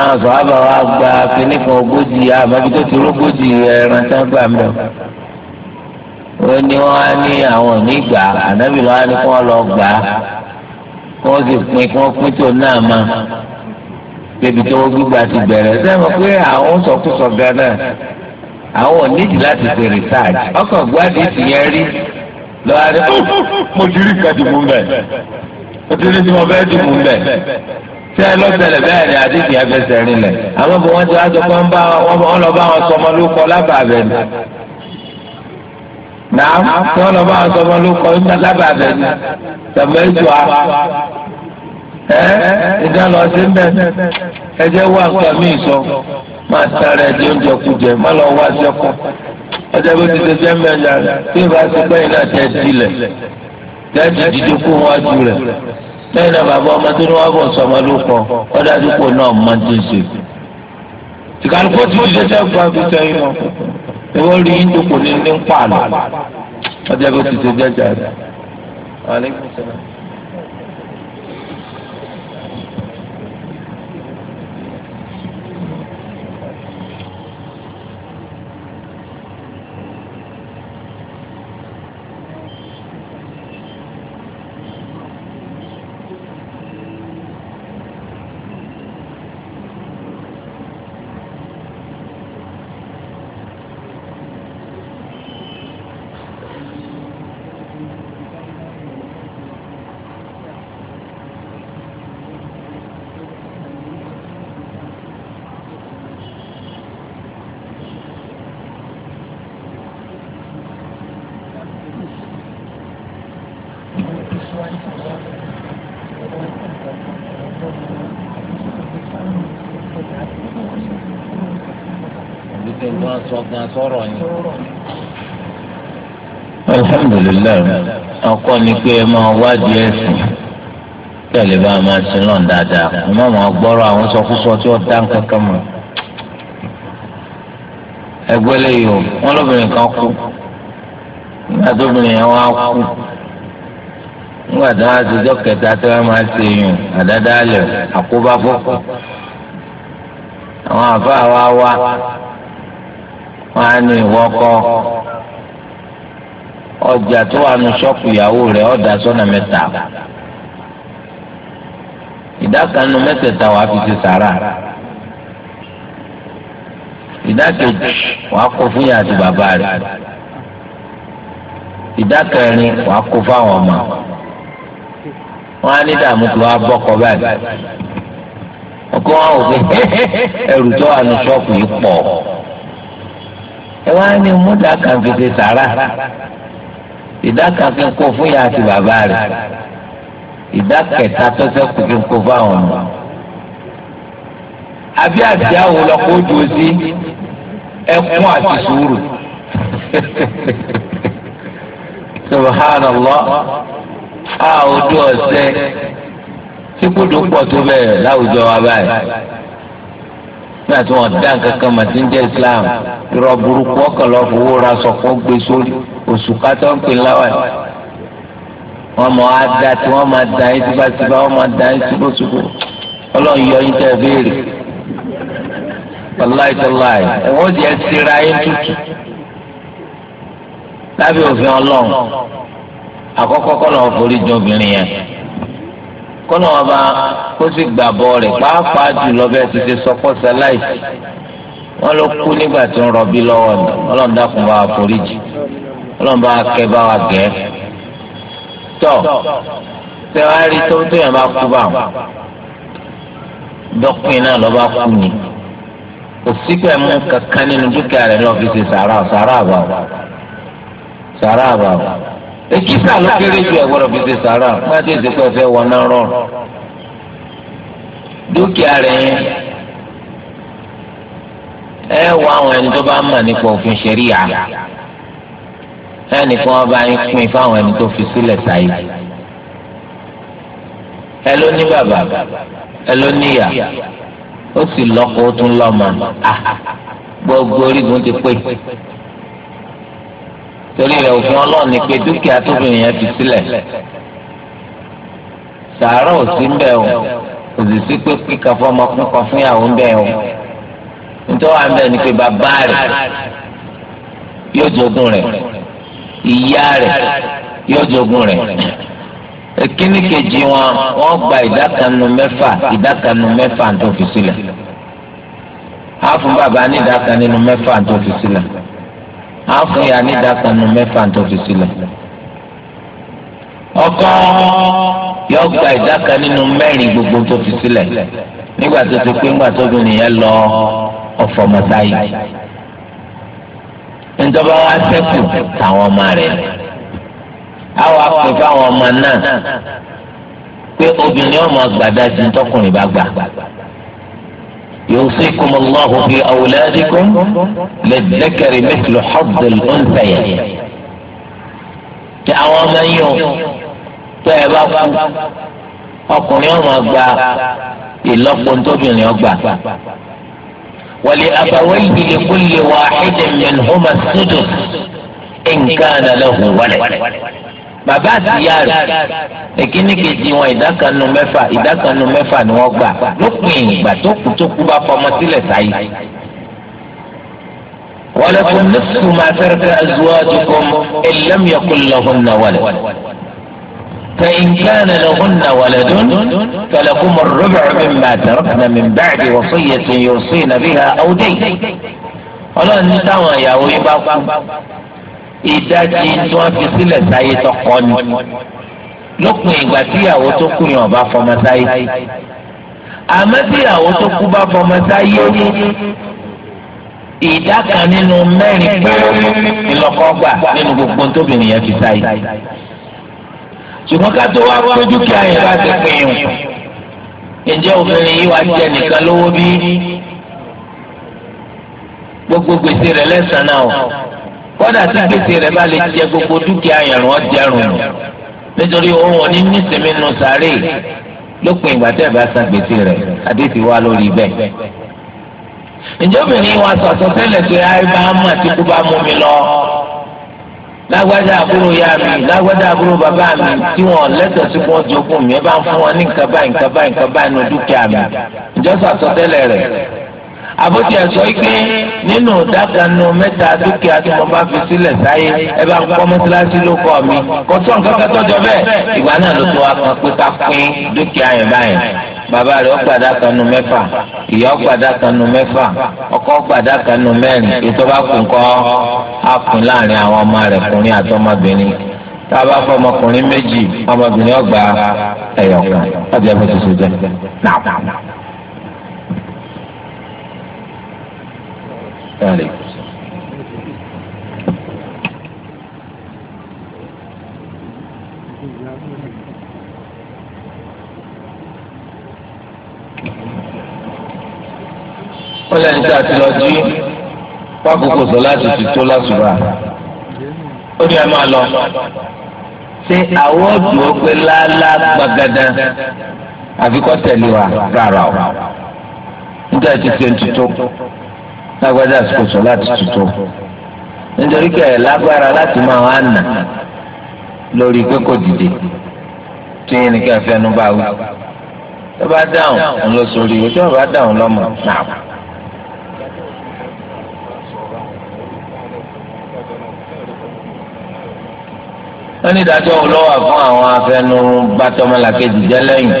àwọn sọ̀rọ̀ àbá wa gba kíní kan ogójì àbábí tó ti rógójì ẹran tí wọ́n gbà mẹ́wàá ó ní wọn á ní àwọn onígbà ànábì lọ́wọ́ á ní kí wọ́n lọ gbà á kí wọ́n sì pín kí wọ́n pín tó náà mọ́ bébí tó wọ́n gbígbà ti bẹ̀rẹ̀ sẹ́wọ̀n pé àwọn sọkúsọ gánà àwọn ò nídìí láti ṣe rìsáàjì ọkọ̀ gbádìí ti yẹn rí lọ́wọ́ á ní mo ti rí ìkàdì mú bẹ́ẹ̀ mo ti rí ti mo fẹ́ dì mú bẹ́ẹ̀
tí ẹ lọ ṣẹlẹ̀ bẹ́ẹ̀ ni àdéhùn ẹfẹsẹ rinlẹ
àwọn bò wọn ti wá sọ pé wọn lọ bá wọn sọmọ lóko lábàá bẹ́ẹ̀ náà tí wọn lọ bá wọn sọmọ ló kọ nígbà lábàá bẹ ní
tẹmẹ ètò a ẹ ìdá lọ sí ń bẹ
ẹjẹ wà nǹkan mí sọ
máa sára ẹjẹ oúnjẹ kú jẹ má lọ wá sẹkọ
ọjọ́ bó ti tẹjẹ mẹ́ta tí ìbá ti pẹ́yìn náà tẹ dilẹ tẹ dìde kú wọn rẹ lẹ́yìn náà bàbá ọmọ tó ní wọn bọ sọmọ ló kọ ọdọ àdúgbò náà máa ń tẹsẹ tìkàlùkọ ti dìde sẹkọ àbí sẹ́yìn náà ìwọ rí yín tó kò ní ní ń ọjọ́ bí ti ṣe jẹ́jà rẹ̀. pé wọ́n sọ gan sọ̀rọ̀ yẹn. alhamdulilayi ọkọ ni pé ẹ máa wádìí ẹsìn tẹ̀lé bá a máa sin náà dáadáa ẹ má máa gbọ́rọ̀ àwọn sọkúsọ tí wọ́n dá nǹkan kan mọ̀. ẹgbẹ́ lẹ́yìn o wọ́n lóbìnrin kan kú nígbà tó obìnrin yẹn wá kú nígbà tó wá sojọ́ kẹta tí wọ́n máa ṣe yùn àdáda lẹ̀ àkóbá fọ́kù àwọn àbá wa wá wọn á nu ìwọ kọ ọjà tó wà nu ṣọ́ọ̀pù ìyàwó rẹ̀ ọ̀dà sọ́nà mẹ́ta ìdákanu mẹ́tẹ̀ẹ̀ta wàá fi ti sàrà ìdákejì wàá kó fún yàtì bàbá rẹ̀ ìdákẹrin wàá kó fáwọn ọmọ wọn á ní dààmú tó wàá bọ́kọ báyìí ọkọ wọn ò fi ẹrù tó wà nu ṣọ́ọ̀pù yìí pọ̀ ẹ wá ní múdà kan fi ṣe sàrà ìdá kan fi ń kó fún ìyá àti bàbá rẹ̀ ìdá kẹta tó ṣẹ́kù fi ń kó fún àwọn ọmọ àbí àti àwọn ọlọ́pàá sí ẹkún àti sùúrù subhanallah
a ojú ọ̀sẹ̀
tí kò dùn pọ̀ tó bẹ́ẹ̀ láwùjọ wa báyìí náà tí wọ́n dá nǹkan kan islam irọ́ burúkú ọkàn lọ fowó ra sọ̀kọ́ gbé sórí oṣù kátó ń pè láwà wọ́n mọ̀ á da tí wọ́n máa da yín síbáṣíbá wọ́n máa da yín síbóṣubó ọlọ́run yọ yín tẹ̀ béèrè ọláìtọ́láì ẹ̀wọ́n jẹ́ síra yín tútù lábẹ́ òfin ọlọ́run àkọ́kọ́ kọ́ lọ́ọ́ forí jọ obìnrin yẹn kọ́nà ọba kó sì gbàbọ rẹ̀ pàápàá jùlọ bẹ́ẹ̀ ti ṣe sọpọ́ sáláìsì wọ́n ló kú nígbà tí ń rọbí lọ́wọ́ mi ọlọ́run dákun bá wa foríjì
ọlọ́run bá wa kẹ́ bá wa gẹ́
tọ́ tẹ wá rí tó tó yẹn bá kú bá wọn dọ́kùnrin náà lọ́ba kú ni kò síbẹ̀ mú kankan nínú dúkìá rẹ̀ lọ́ọ́ fi ṣe sàrà sàrà àbàwọ̀ sàrà àbàwọ̀ èkìsà ló kéré ju ẹ̀gbọ́dọ̀ fi ṣe sàrà má ti ṣe pé ọ̀fẹ́ wọn náà rọrùn dúkìá rẹ̀ yẹn ẹ wọ àwọn ẹni tó bá ń mọ̀ nípa òfin ṣẹ̀ríyà ẹnìkan ọba yín pín fáwọn ẹni tó fi sílẹ̀ sáyé ẹ ló ní bàbá ẹ ló níyà ó sì lọ́kọ ó tún lọ́mọ
ah, gbogbo orígun ti pé.
torí rẹ òfin Ọlọ́run ni pé dúkìá tóbìnrin yẹn fi sílẹ̀ sàárà ò sí ń bẹ̀ o kò sì sí pé kíkà fọmọ kúkọ fún ìyàwó ń bẹ̀ o nítorí wà ń ni pé bàbá rẹ̀ yóò jogún rẹ̀ ìyá rẹ̀ yóò jogún rẹ̀ èkíní kejì wọn wọ́n gba ìdákanu mẹ́fà ìdákanu mẹ́fà tó fi sílẹ̀ á fún bàbá ní ìdákanu mẹ́fà tó fi sílẹ̀. á fún ìyá nídàá kan nù mẹ́fà tó fi sílẹ̀ ọkọ yọ gba nínú mẹ́rin gbogbo tó fi sílẹ̀ nígbà tó ti pé ńgbà tóbi nìyẹn lọ wa sẹ́kù táwọn ọmọ rẹ̀ àwọn apè fáwọn ọmọ náà pé obìnrin ọmọ gbàdájú tọkùnrin bá gbagba. يوصيكم الله في اولادكم للذكر مثل حظ الانثيين تعوام ايو تعبابو اقول يوم اقبع الا كنت بني اقبع ولابويه لكل واحد منهما السدس ان كان له ولد bàbá àtìyá rẹ̀ èkíní kejì wọn ìdákanu mẹ́fà ìdákanu mẹ́fà ni wọ́n gbà lópin ìgbà tó kù tó kú bá fọmọ sílẹ̀ sáyé. ولكم نصف ما ترك أزواجكم إن لم يكن لهن ولد فإن كان لهن ولد فلكم الربع مما تركن من بعد وصية يوصين بها أو دين. ọlọ́run ní يا ìyàwó ìdajì tí wọ́n fi sílẹ̀ sáyé tọkọ ni lópin ìgbà tíyàwó tó kù yàn bá fọmọ sáyé àmọ́ tíyàwó tó kú bá fọmọ sáyé ìdá kan nínú mẹ́rin péré ńlọkọ́ gbà nínú gbogbo tóbìnrin yẹn fi sáyé ṣùgbọ́n ká tó wá lójú kí ayé bá ti pín
in ǹjẹ́ obìnrin yìí wá jẹ nìkan lówó bí
gbogbo gbèsè rẹ̀ lẹ́sàn-án náà kọ́dà tí gbèsè rẹ̀ bá lè jẹ gbogbo dúkìá yẹ̀rùn ọ̀jẹ̀rùn nù nítorí òun ò ní nísìmí nù sàárè lópin ìgbà tẹ́ ẹ̀ bá san gbèsè rẹ̀ àdéhùn wa lórí bẹ́ẹ̀. ǹjẹ́ obìnrin wa sọ̀tọ̀ tẹ́lẹ̀ pé àìbá mà tí kú bá mú mi lọ lágbájá àbúrò ya mi lágbájá àbúrò bàbá mi tí wọn lẹ́tọ̀ọ́ sí wọn jogún mi ẹ bá ń fún wọn ní nǹkan báyìí nǹkan báyìí nǹkan báyìí nù dúkìá mi ǹjọ́ sọ̀tọ̀ tẹ́lẹ̀ rẹ̀ àbótí ẹ̀sọ́ pé nínú dákanu mẹ́ta dúkìá tí mo bá fi sílẹ̀ sáyé ẹ bá ń kọ́ mọ́sálásí ló kọ́ mi kò tó nǹkan kan tọ́jọ́ bẹ́ẹ̀ ìgbà náà ló tó wá kan pé ká pín dúkìá yẹn báyìí bàbá rẹ̀ ó gbàdá kanu mẹ́fà ìyá ó gbàdá kanu mẹ́fà ọkọ ó gbàdá kanu mẹ́rin ètò bá kún kọ́ á láàrin àwọn ọmọ rẹ̀ kùnrin àtọmọbìnrin tá a bá fọ ọmọkùnrin méjì ọmọbìnrin ọgbà ẹyọkan ọjà bó ti ṣe jẹ náà. wọ́n lẹ́yìn tí a ti lọ sí pákókò sọ láti ti tó lásùbà ó ní ẹ máa lọ ṣé àwọn ọ̀dùn ọ̀pẹ lálá gbàgàdà àfikọ́ tẹ̀lé wa rárá o nígbà tí ṣe ń tutù lágbájá àsìkò sọ láti tutù nítorí kí ẹ lágbára láti máa wá nà lórí pé kò dìde tí yín ni kí ẹ fẹnu bá wí tó bá dáhùn ń lọ sórí ìwé tó bá dáhùn lọmọ náà. wọ́n ní ìdájọ́ wo ló wà fún àwọn afẹnubátọ́mọlàkejì jẹ́ lẹ́yìn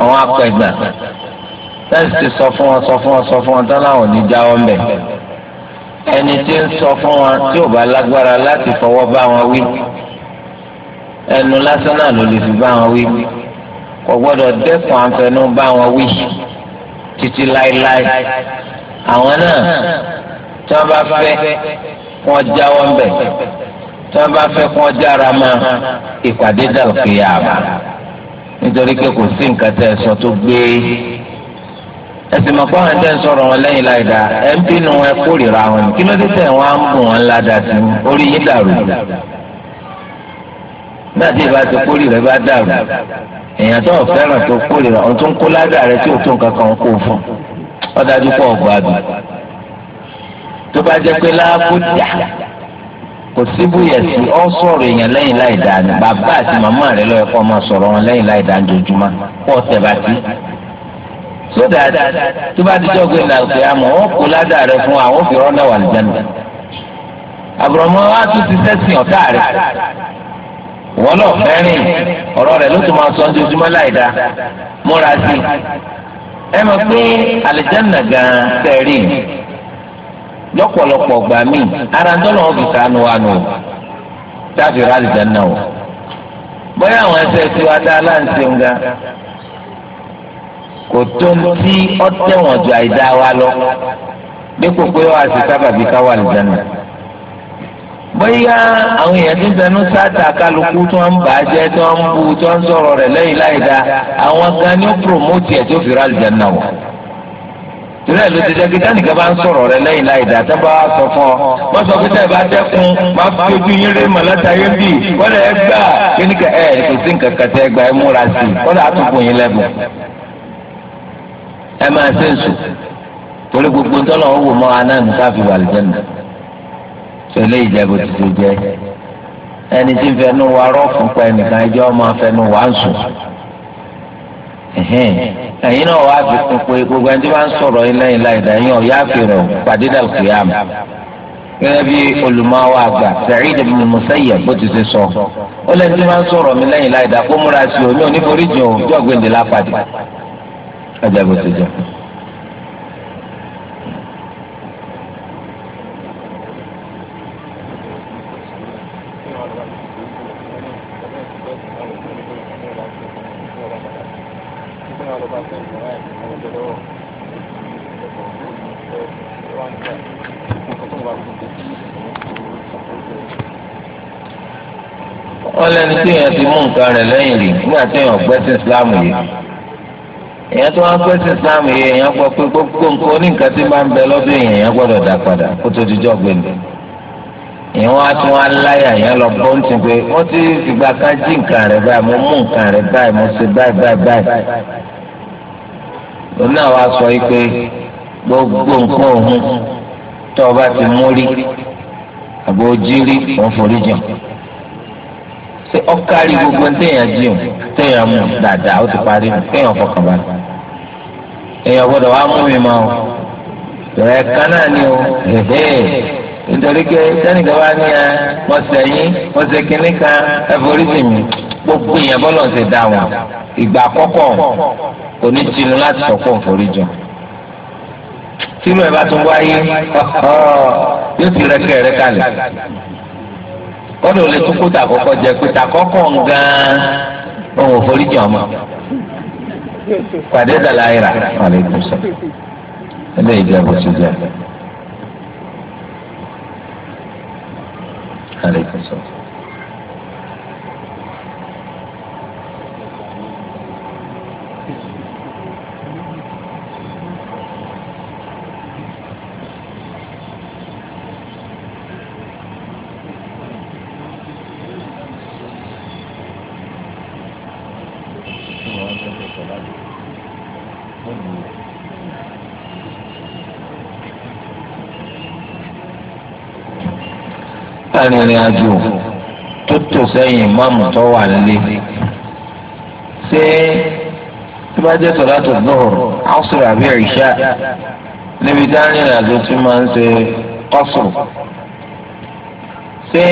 àwọn apẹ̀gbà sẹ́ǹsì sọ fún wọn sọ fún wọn sọ fún wọn tán láwọn ò ní jáwọ́ mbẹ̀
ẹni tí ń sọ fún wọn tí ò bá lágbára láti fọwọ́
bá wọn wí ẹnu lásán náà ló lè fi bá wọn wí kò gbọ́dọ̀ dẹ́kun àǹfẹ̀nú bá wọn wí títí láéláé àwọn náà tí wọ́n bá fẹ́ kí wọ́n jáwọ́ mbẹ̀ tí wọ́n bá fẹ́ kí wọ́n jára mọ́ ìpàdé dàlùkì yàrá nítorí pé kò sí nǹkan tẹ́ sọ tó gbé ẹsìn mọ̀kọ́ àwọn ẹ̀jẹ̀ ń sọ̀rọ̀ wọn lẹ́yìn láìda ẹ̀ ń bínú ẹ kórìíra wọn kí ló dé tẹ̀ wọ́n á ń bù wọn ládàá sí orí yín dàrú náà tí ìbá ti kórìíra bá dàrú èèyàn tó fẹ́ràn tó kórìíra ọ̀hún tó ń kó ládàá rẹ tí ò tó nǹkan kan kó fún ọ dájú pọ̀ gbádùn tó bá jẹ́ pé láàbùdà kò síbú yẹ sí ọ sọ̀rọ̀ èèyàn lẹ́yìn láìda ni bàbá àti màmá rẹ lọ́yẹ̀kọ́ sódà
tó bá dijọ́ gbé nàìjíríà àmọ́ wọn kó ládàá rẹ fún àwọn òfin rọ́nà wà lìjánà
àbùrọ̀mọ́ wa tún ti sẹ́sìn ọ̀tá rẹ wọn lọ fẹ́rìn ọ̀rọ̀ rẹ ló tún máa sọ ojoojúmọ́ láì dáa múra sí i ẹ mọ̀ pé àlìjánà gan-an tẹ̀rí lọ́pọ̀lọpọ̀ gbà mí ara ń tọ́lọ́ fi sànù wa nù táàfin àlìjánà o bóyá àwọn ẹsẹ̀ tí wàá dá aláǹsẹ̀ ń ga kò tó ń tí ọ tẹ̀wọ̀n ju àìdá wa lọ dípò pé wàá sì sábàbí káwá àlùjáná bóyá àwọn èèyàn ti ń tẹnu sáàtà kálukú tí wọn ń bà á jẹ tí wọn ń bu tí wọn ń sọ̀rọ̀ rẹ̀ lẹ́yìn láì dáa àwọn kan ní ó promote ẹ tí ó fi ra àlùjáná wọn torí ẹ ló ti jẹ́ kí dánìkan bá ń sọ̀rọ̀ rẹ̀ lẹ́yìn láì dáa tó bá sọ fún ọ wọ́n sọ pé tẹ́ẹ̀ bá dẹ́kun máa fi ojú yín rí màláta yín bì wọ́n lè gbà kí ni ẹ kò sí nǹkan kan gbà ẹ máa ṣe èso torí gbogbo tọ́lọ̀ ń wò mọ́ anáàmú káfí wà lẹ́nu ṣẹlẹ̀ ìjẹ́bù ti ti jẹ́ ẹni tí ń fẹnu wa rọ́ọ̀fù pa ẹnìkan ẹjọ́ máa fẹnu wa ń sùn ẹ̀yin náà wàá fi kún pé gbogbo ẹni tí wọ́n ń sọ̀rọ̀ yín lẹ́yìn láìda ẹ̀yin ọ̀yá àfihàn pàdé dàlùkìyàmù gẹ́gẹ́ bí olùmọ̀wá àgbà Sa'id ibn Musayyab bó ti ṣe sọ ó lẹ́ni tí wọ́n ń sọ̀rọ̀ mi lẹ́yìn láìda kó múra sí o ní oníforíjì o jọ́ gbèǹdé lápàdé ẹjẹ bó ti jẹ. wọ́n lẹ́ni tí èèyàn ti mú nǹkan rẹ̀ lẹ́yìn rí nígbà tí èèyàn gbẹ́sìn Islam yìí. èèyàn tó wọn pèsè islam yìí èèyàn gbọ́ pé gbogbo nǹkan oníǹkan tí bá ń bẹ lọ́dún èèyàn èèyàn gbọ́dọ̀ dá padà kó tó dijọ́ gbẹ̀ndẹ̀ èèyàn wá tún wá láyà lọ bọ́ ń pé wọ́n ti fìgbà kan jí nǹkan rẹ báyìí mo mú nǹkan rẹ báyìí mo ṣe báyìí sọ yìí pé gbogbo nǹkan òun tó o bá ti mú rí ọkàrí gbogbo téèyàn jíun téèyàn mú dáadáa ó ti parí nù kéèyàn fọkàn balẹ̀ èèyàn gbọ́dọ̀ wá mú mi máa o ẹ kan náà ni o hèhè nítorí pé sẹ́nìkan wá ní ẹ mo sẹ́yìn mo ṣe kínní kan ẹ forí sí mi gbogbo èèyàn bọ́lọ̀ ń ṣe dá wọn ìgbà àkọ́kọ́ kò ní tinú láti sọ̀kọ́ òforí jọ tínú ẹ bá tún wáyé yóò ti rẹ́kẹ̀ rẹ́ ó ní olè tó kó tà kọ́kọ́ jẹ pé tà kọ́kọ́ gan-an òun ò forí jìn ọmọ pàdé dàlàyé rà àlékún sọ ilé ìjẹ bó ti jẹ àlékún sọ. arìnrìn àjò tó tò sẹ́yìn ìmáàmù tó wà lé ṣé tí bá jẹ́ sọ̀látù zuhur asr àbí ìṣá níbi tí arìnrìn àjò tí máa ń ṣe kọ́sùrù ṣé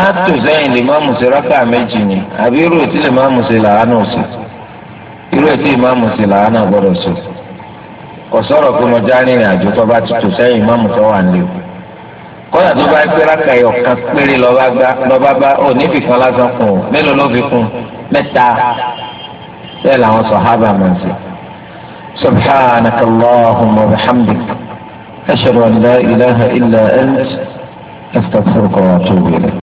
á tò sẹ́yìn lè máàmù ṣe rákà méjì ni àbí irú ètí lè máàmù ṣe làánà sí irú ètí ìmáàmù ṣe làánà gbọ́dọ̀ sí kò sọ̀rọ̀ pé mo já arìnrìn àjò tó bá ti tò sẹ́yìn tó kọ́yà tó bá gbé rákàyọ̀ kan péré lọ́ba gbá lọ́ba bá ò níbì kan lásán kùn ò mélòó ló fi kún mẹ́ta bẹ́ẹ̀ làwọn sàhábà máa ń sè. سبحانك اللهم وبحمدك أشهد أن لا إله إلا أنت أستغفرك
وأتوب إليك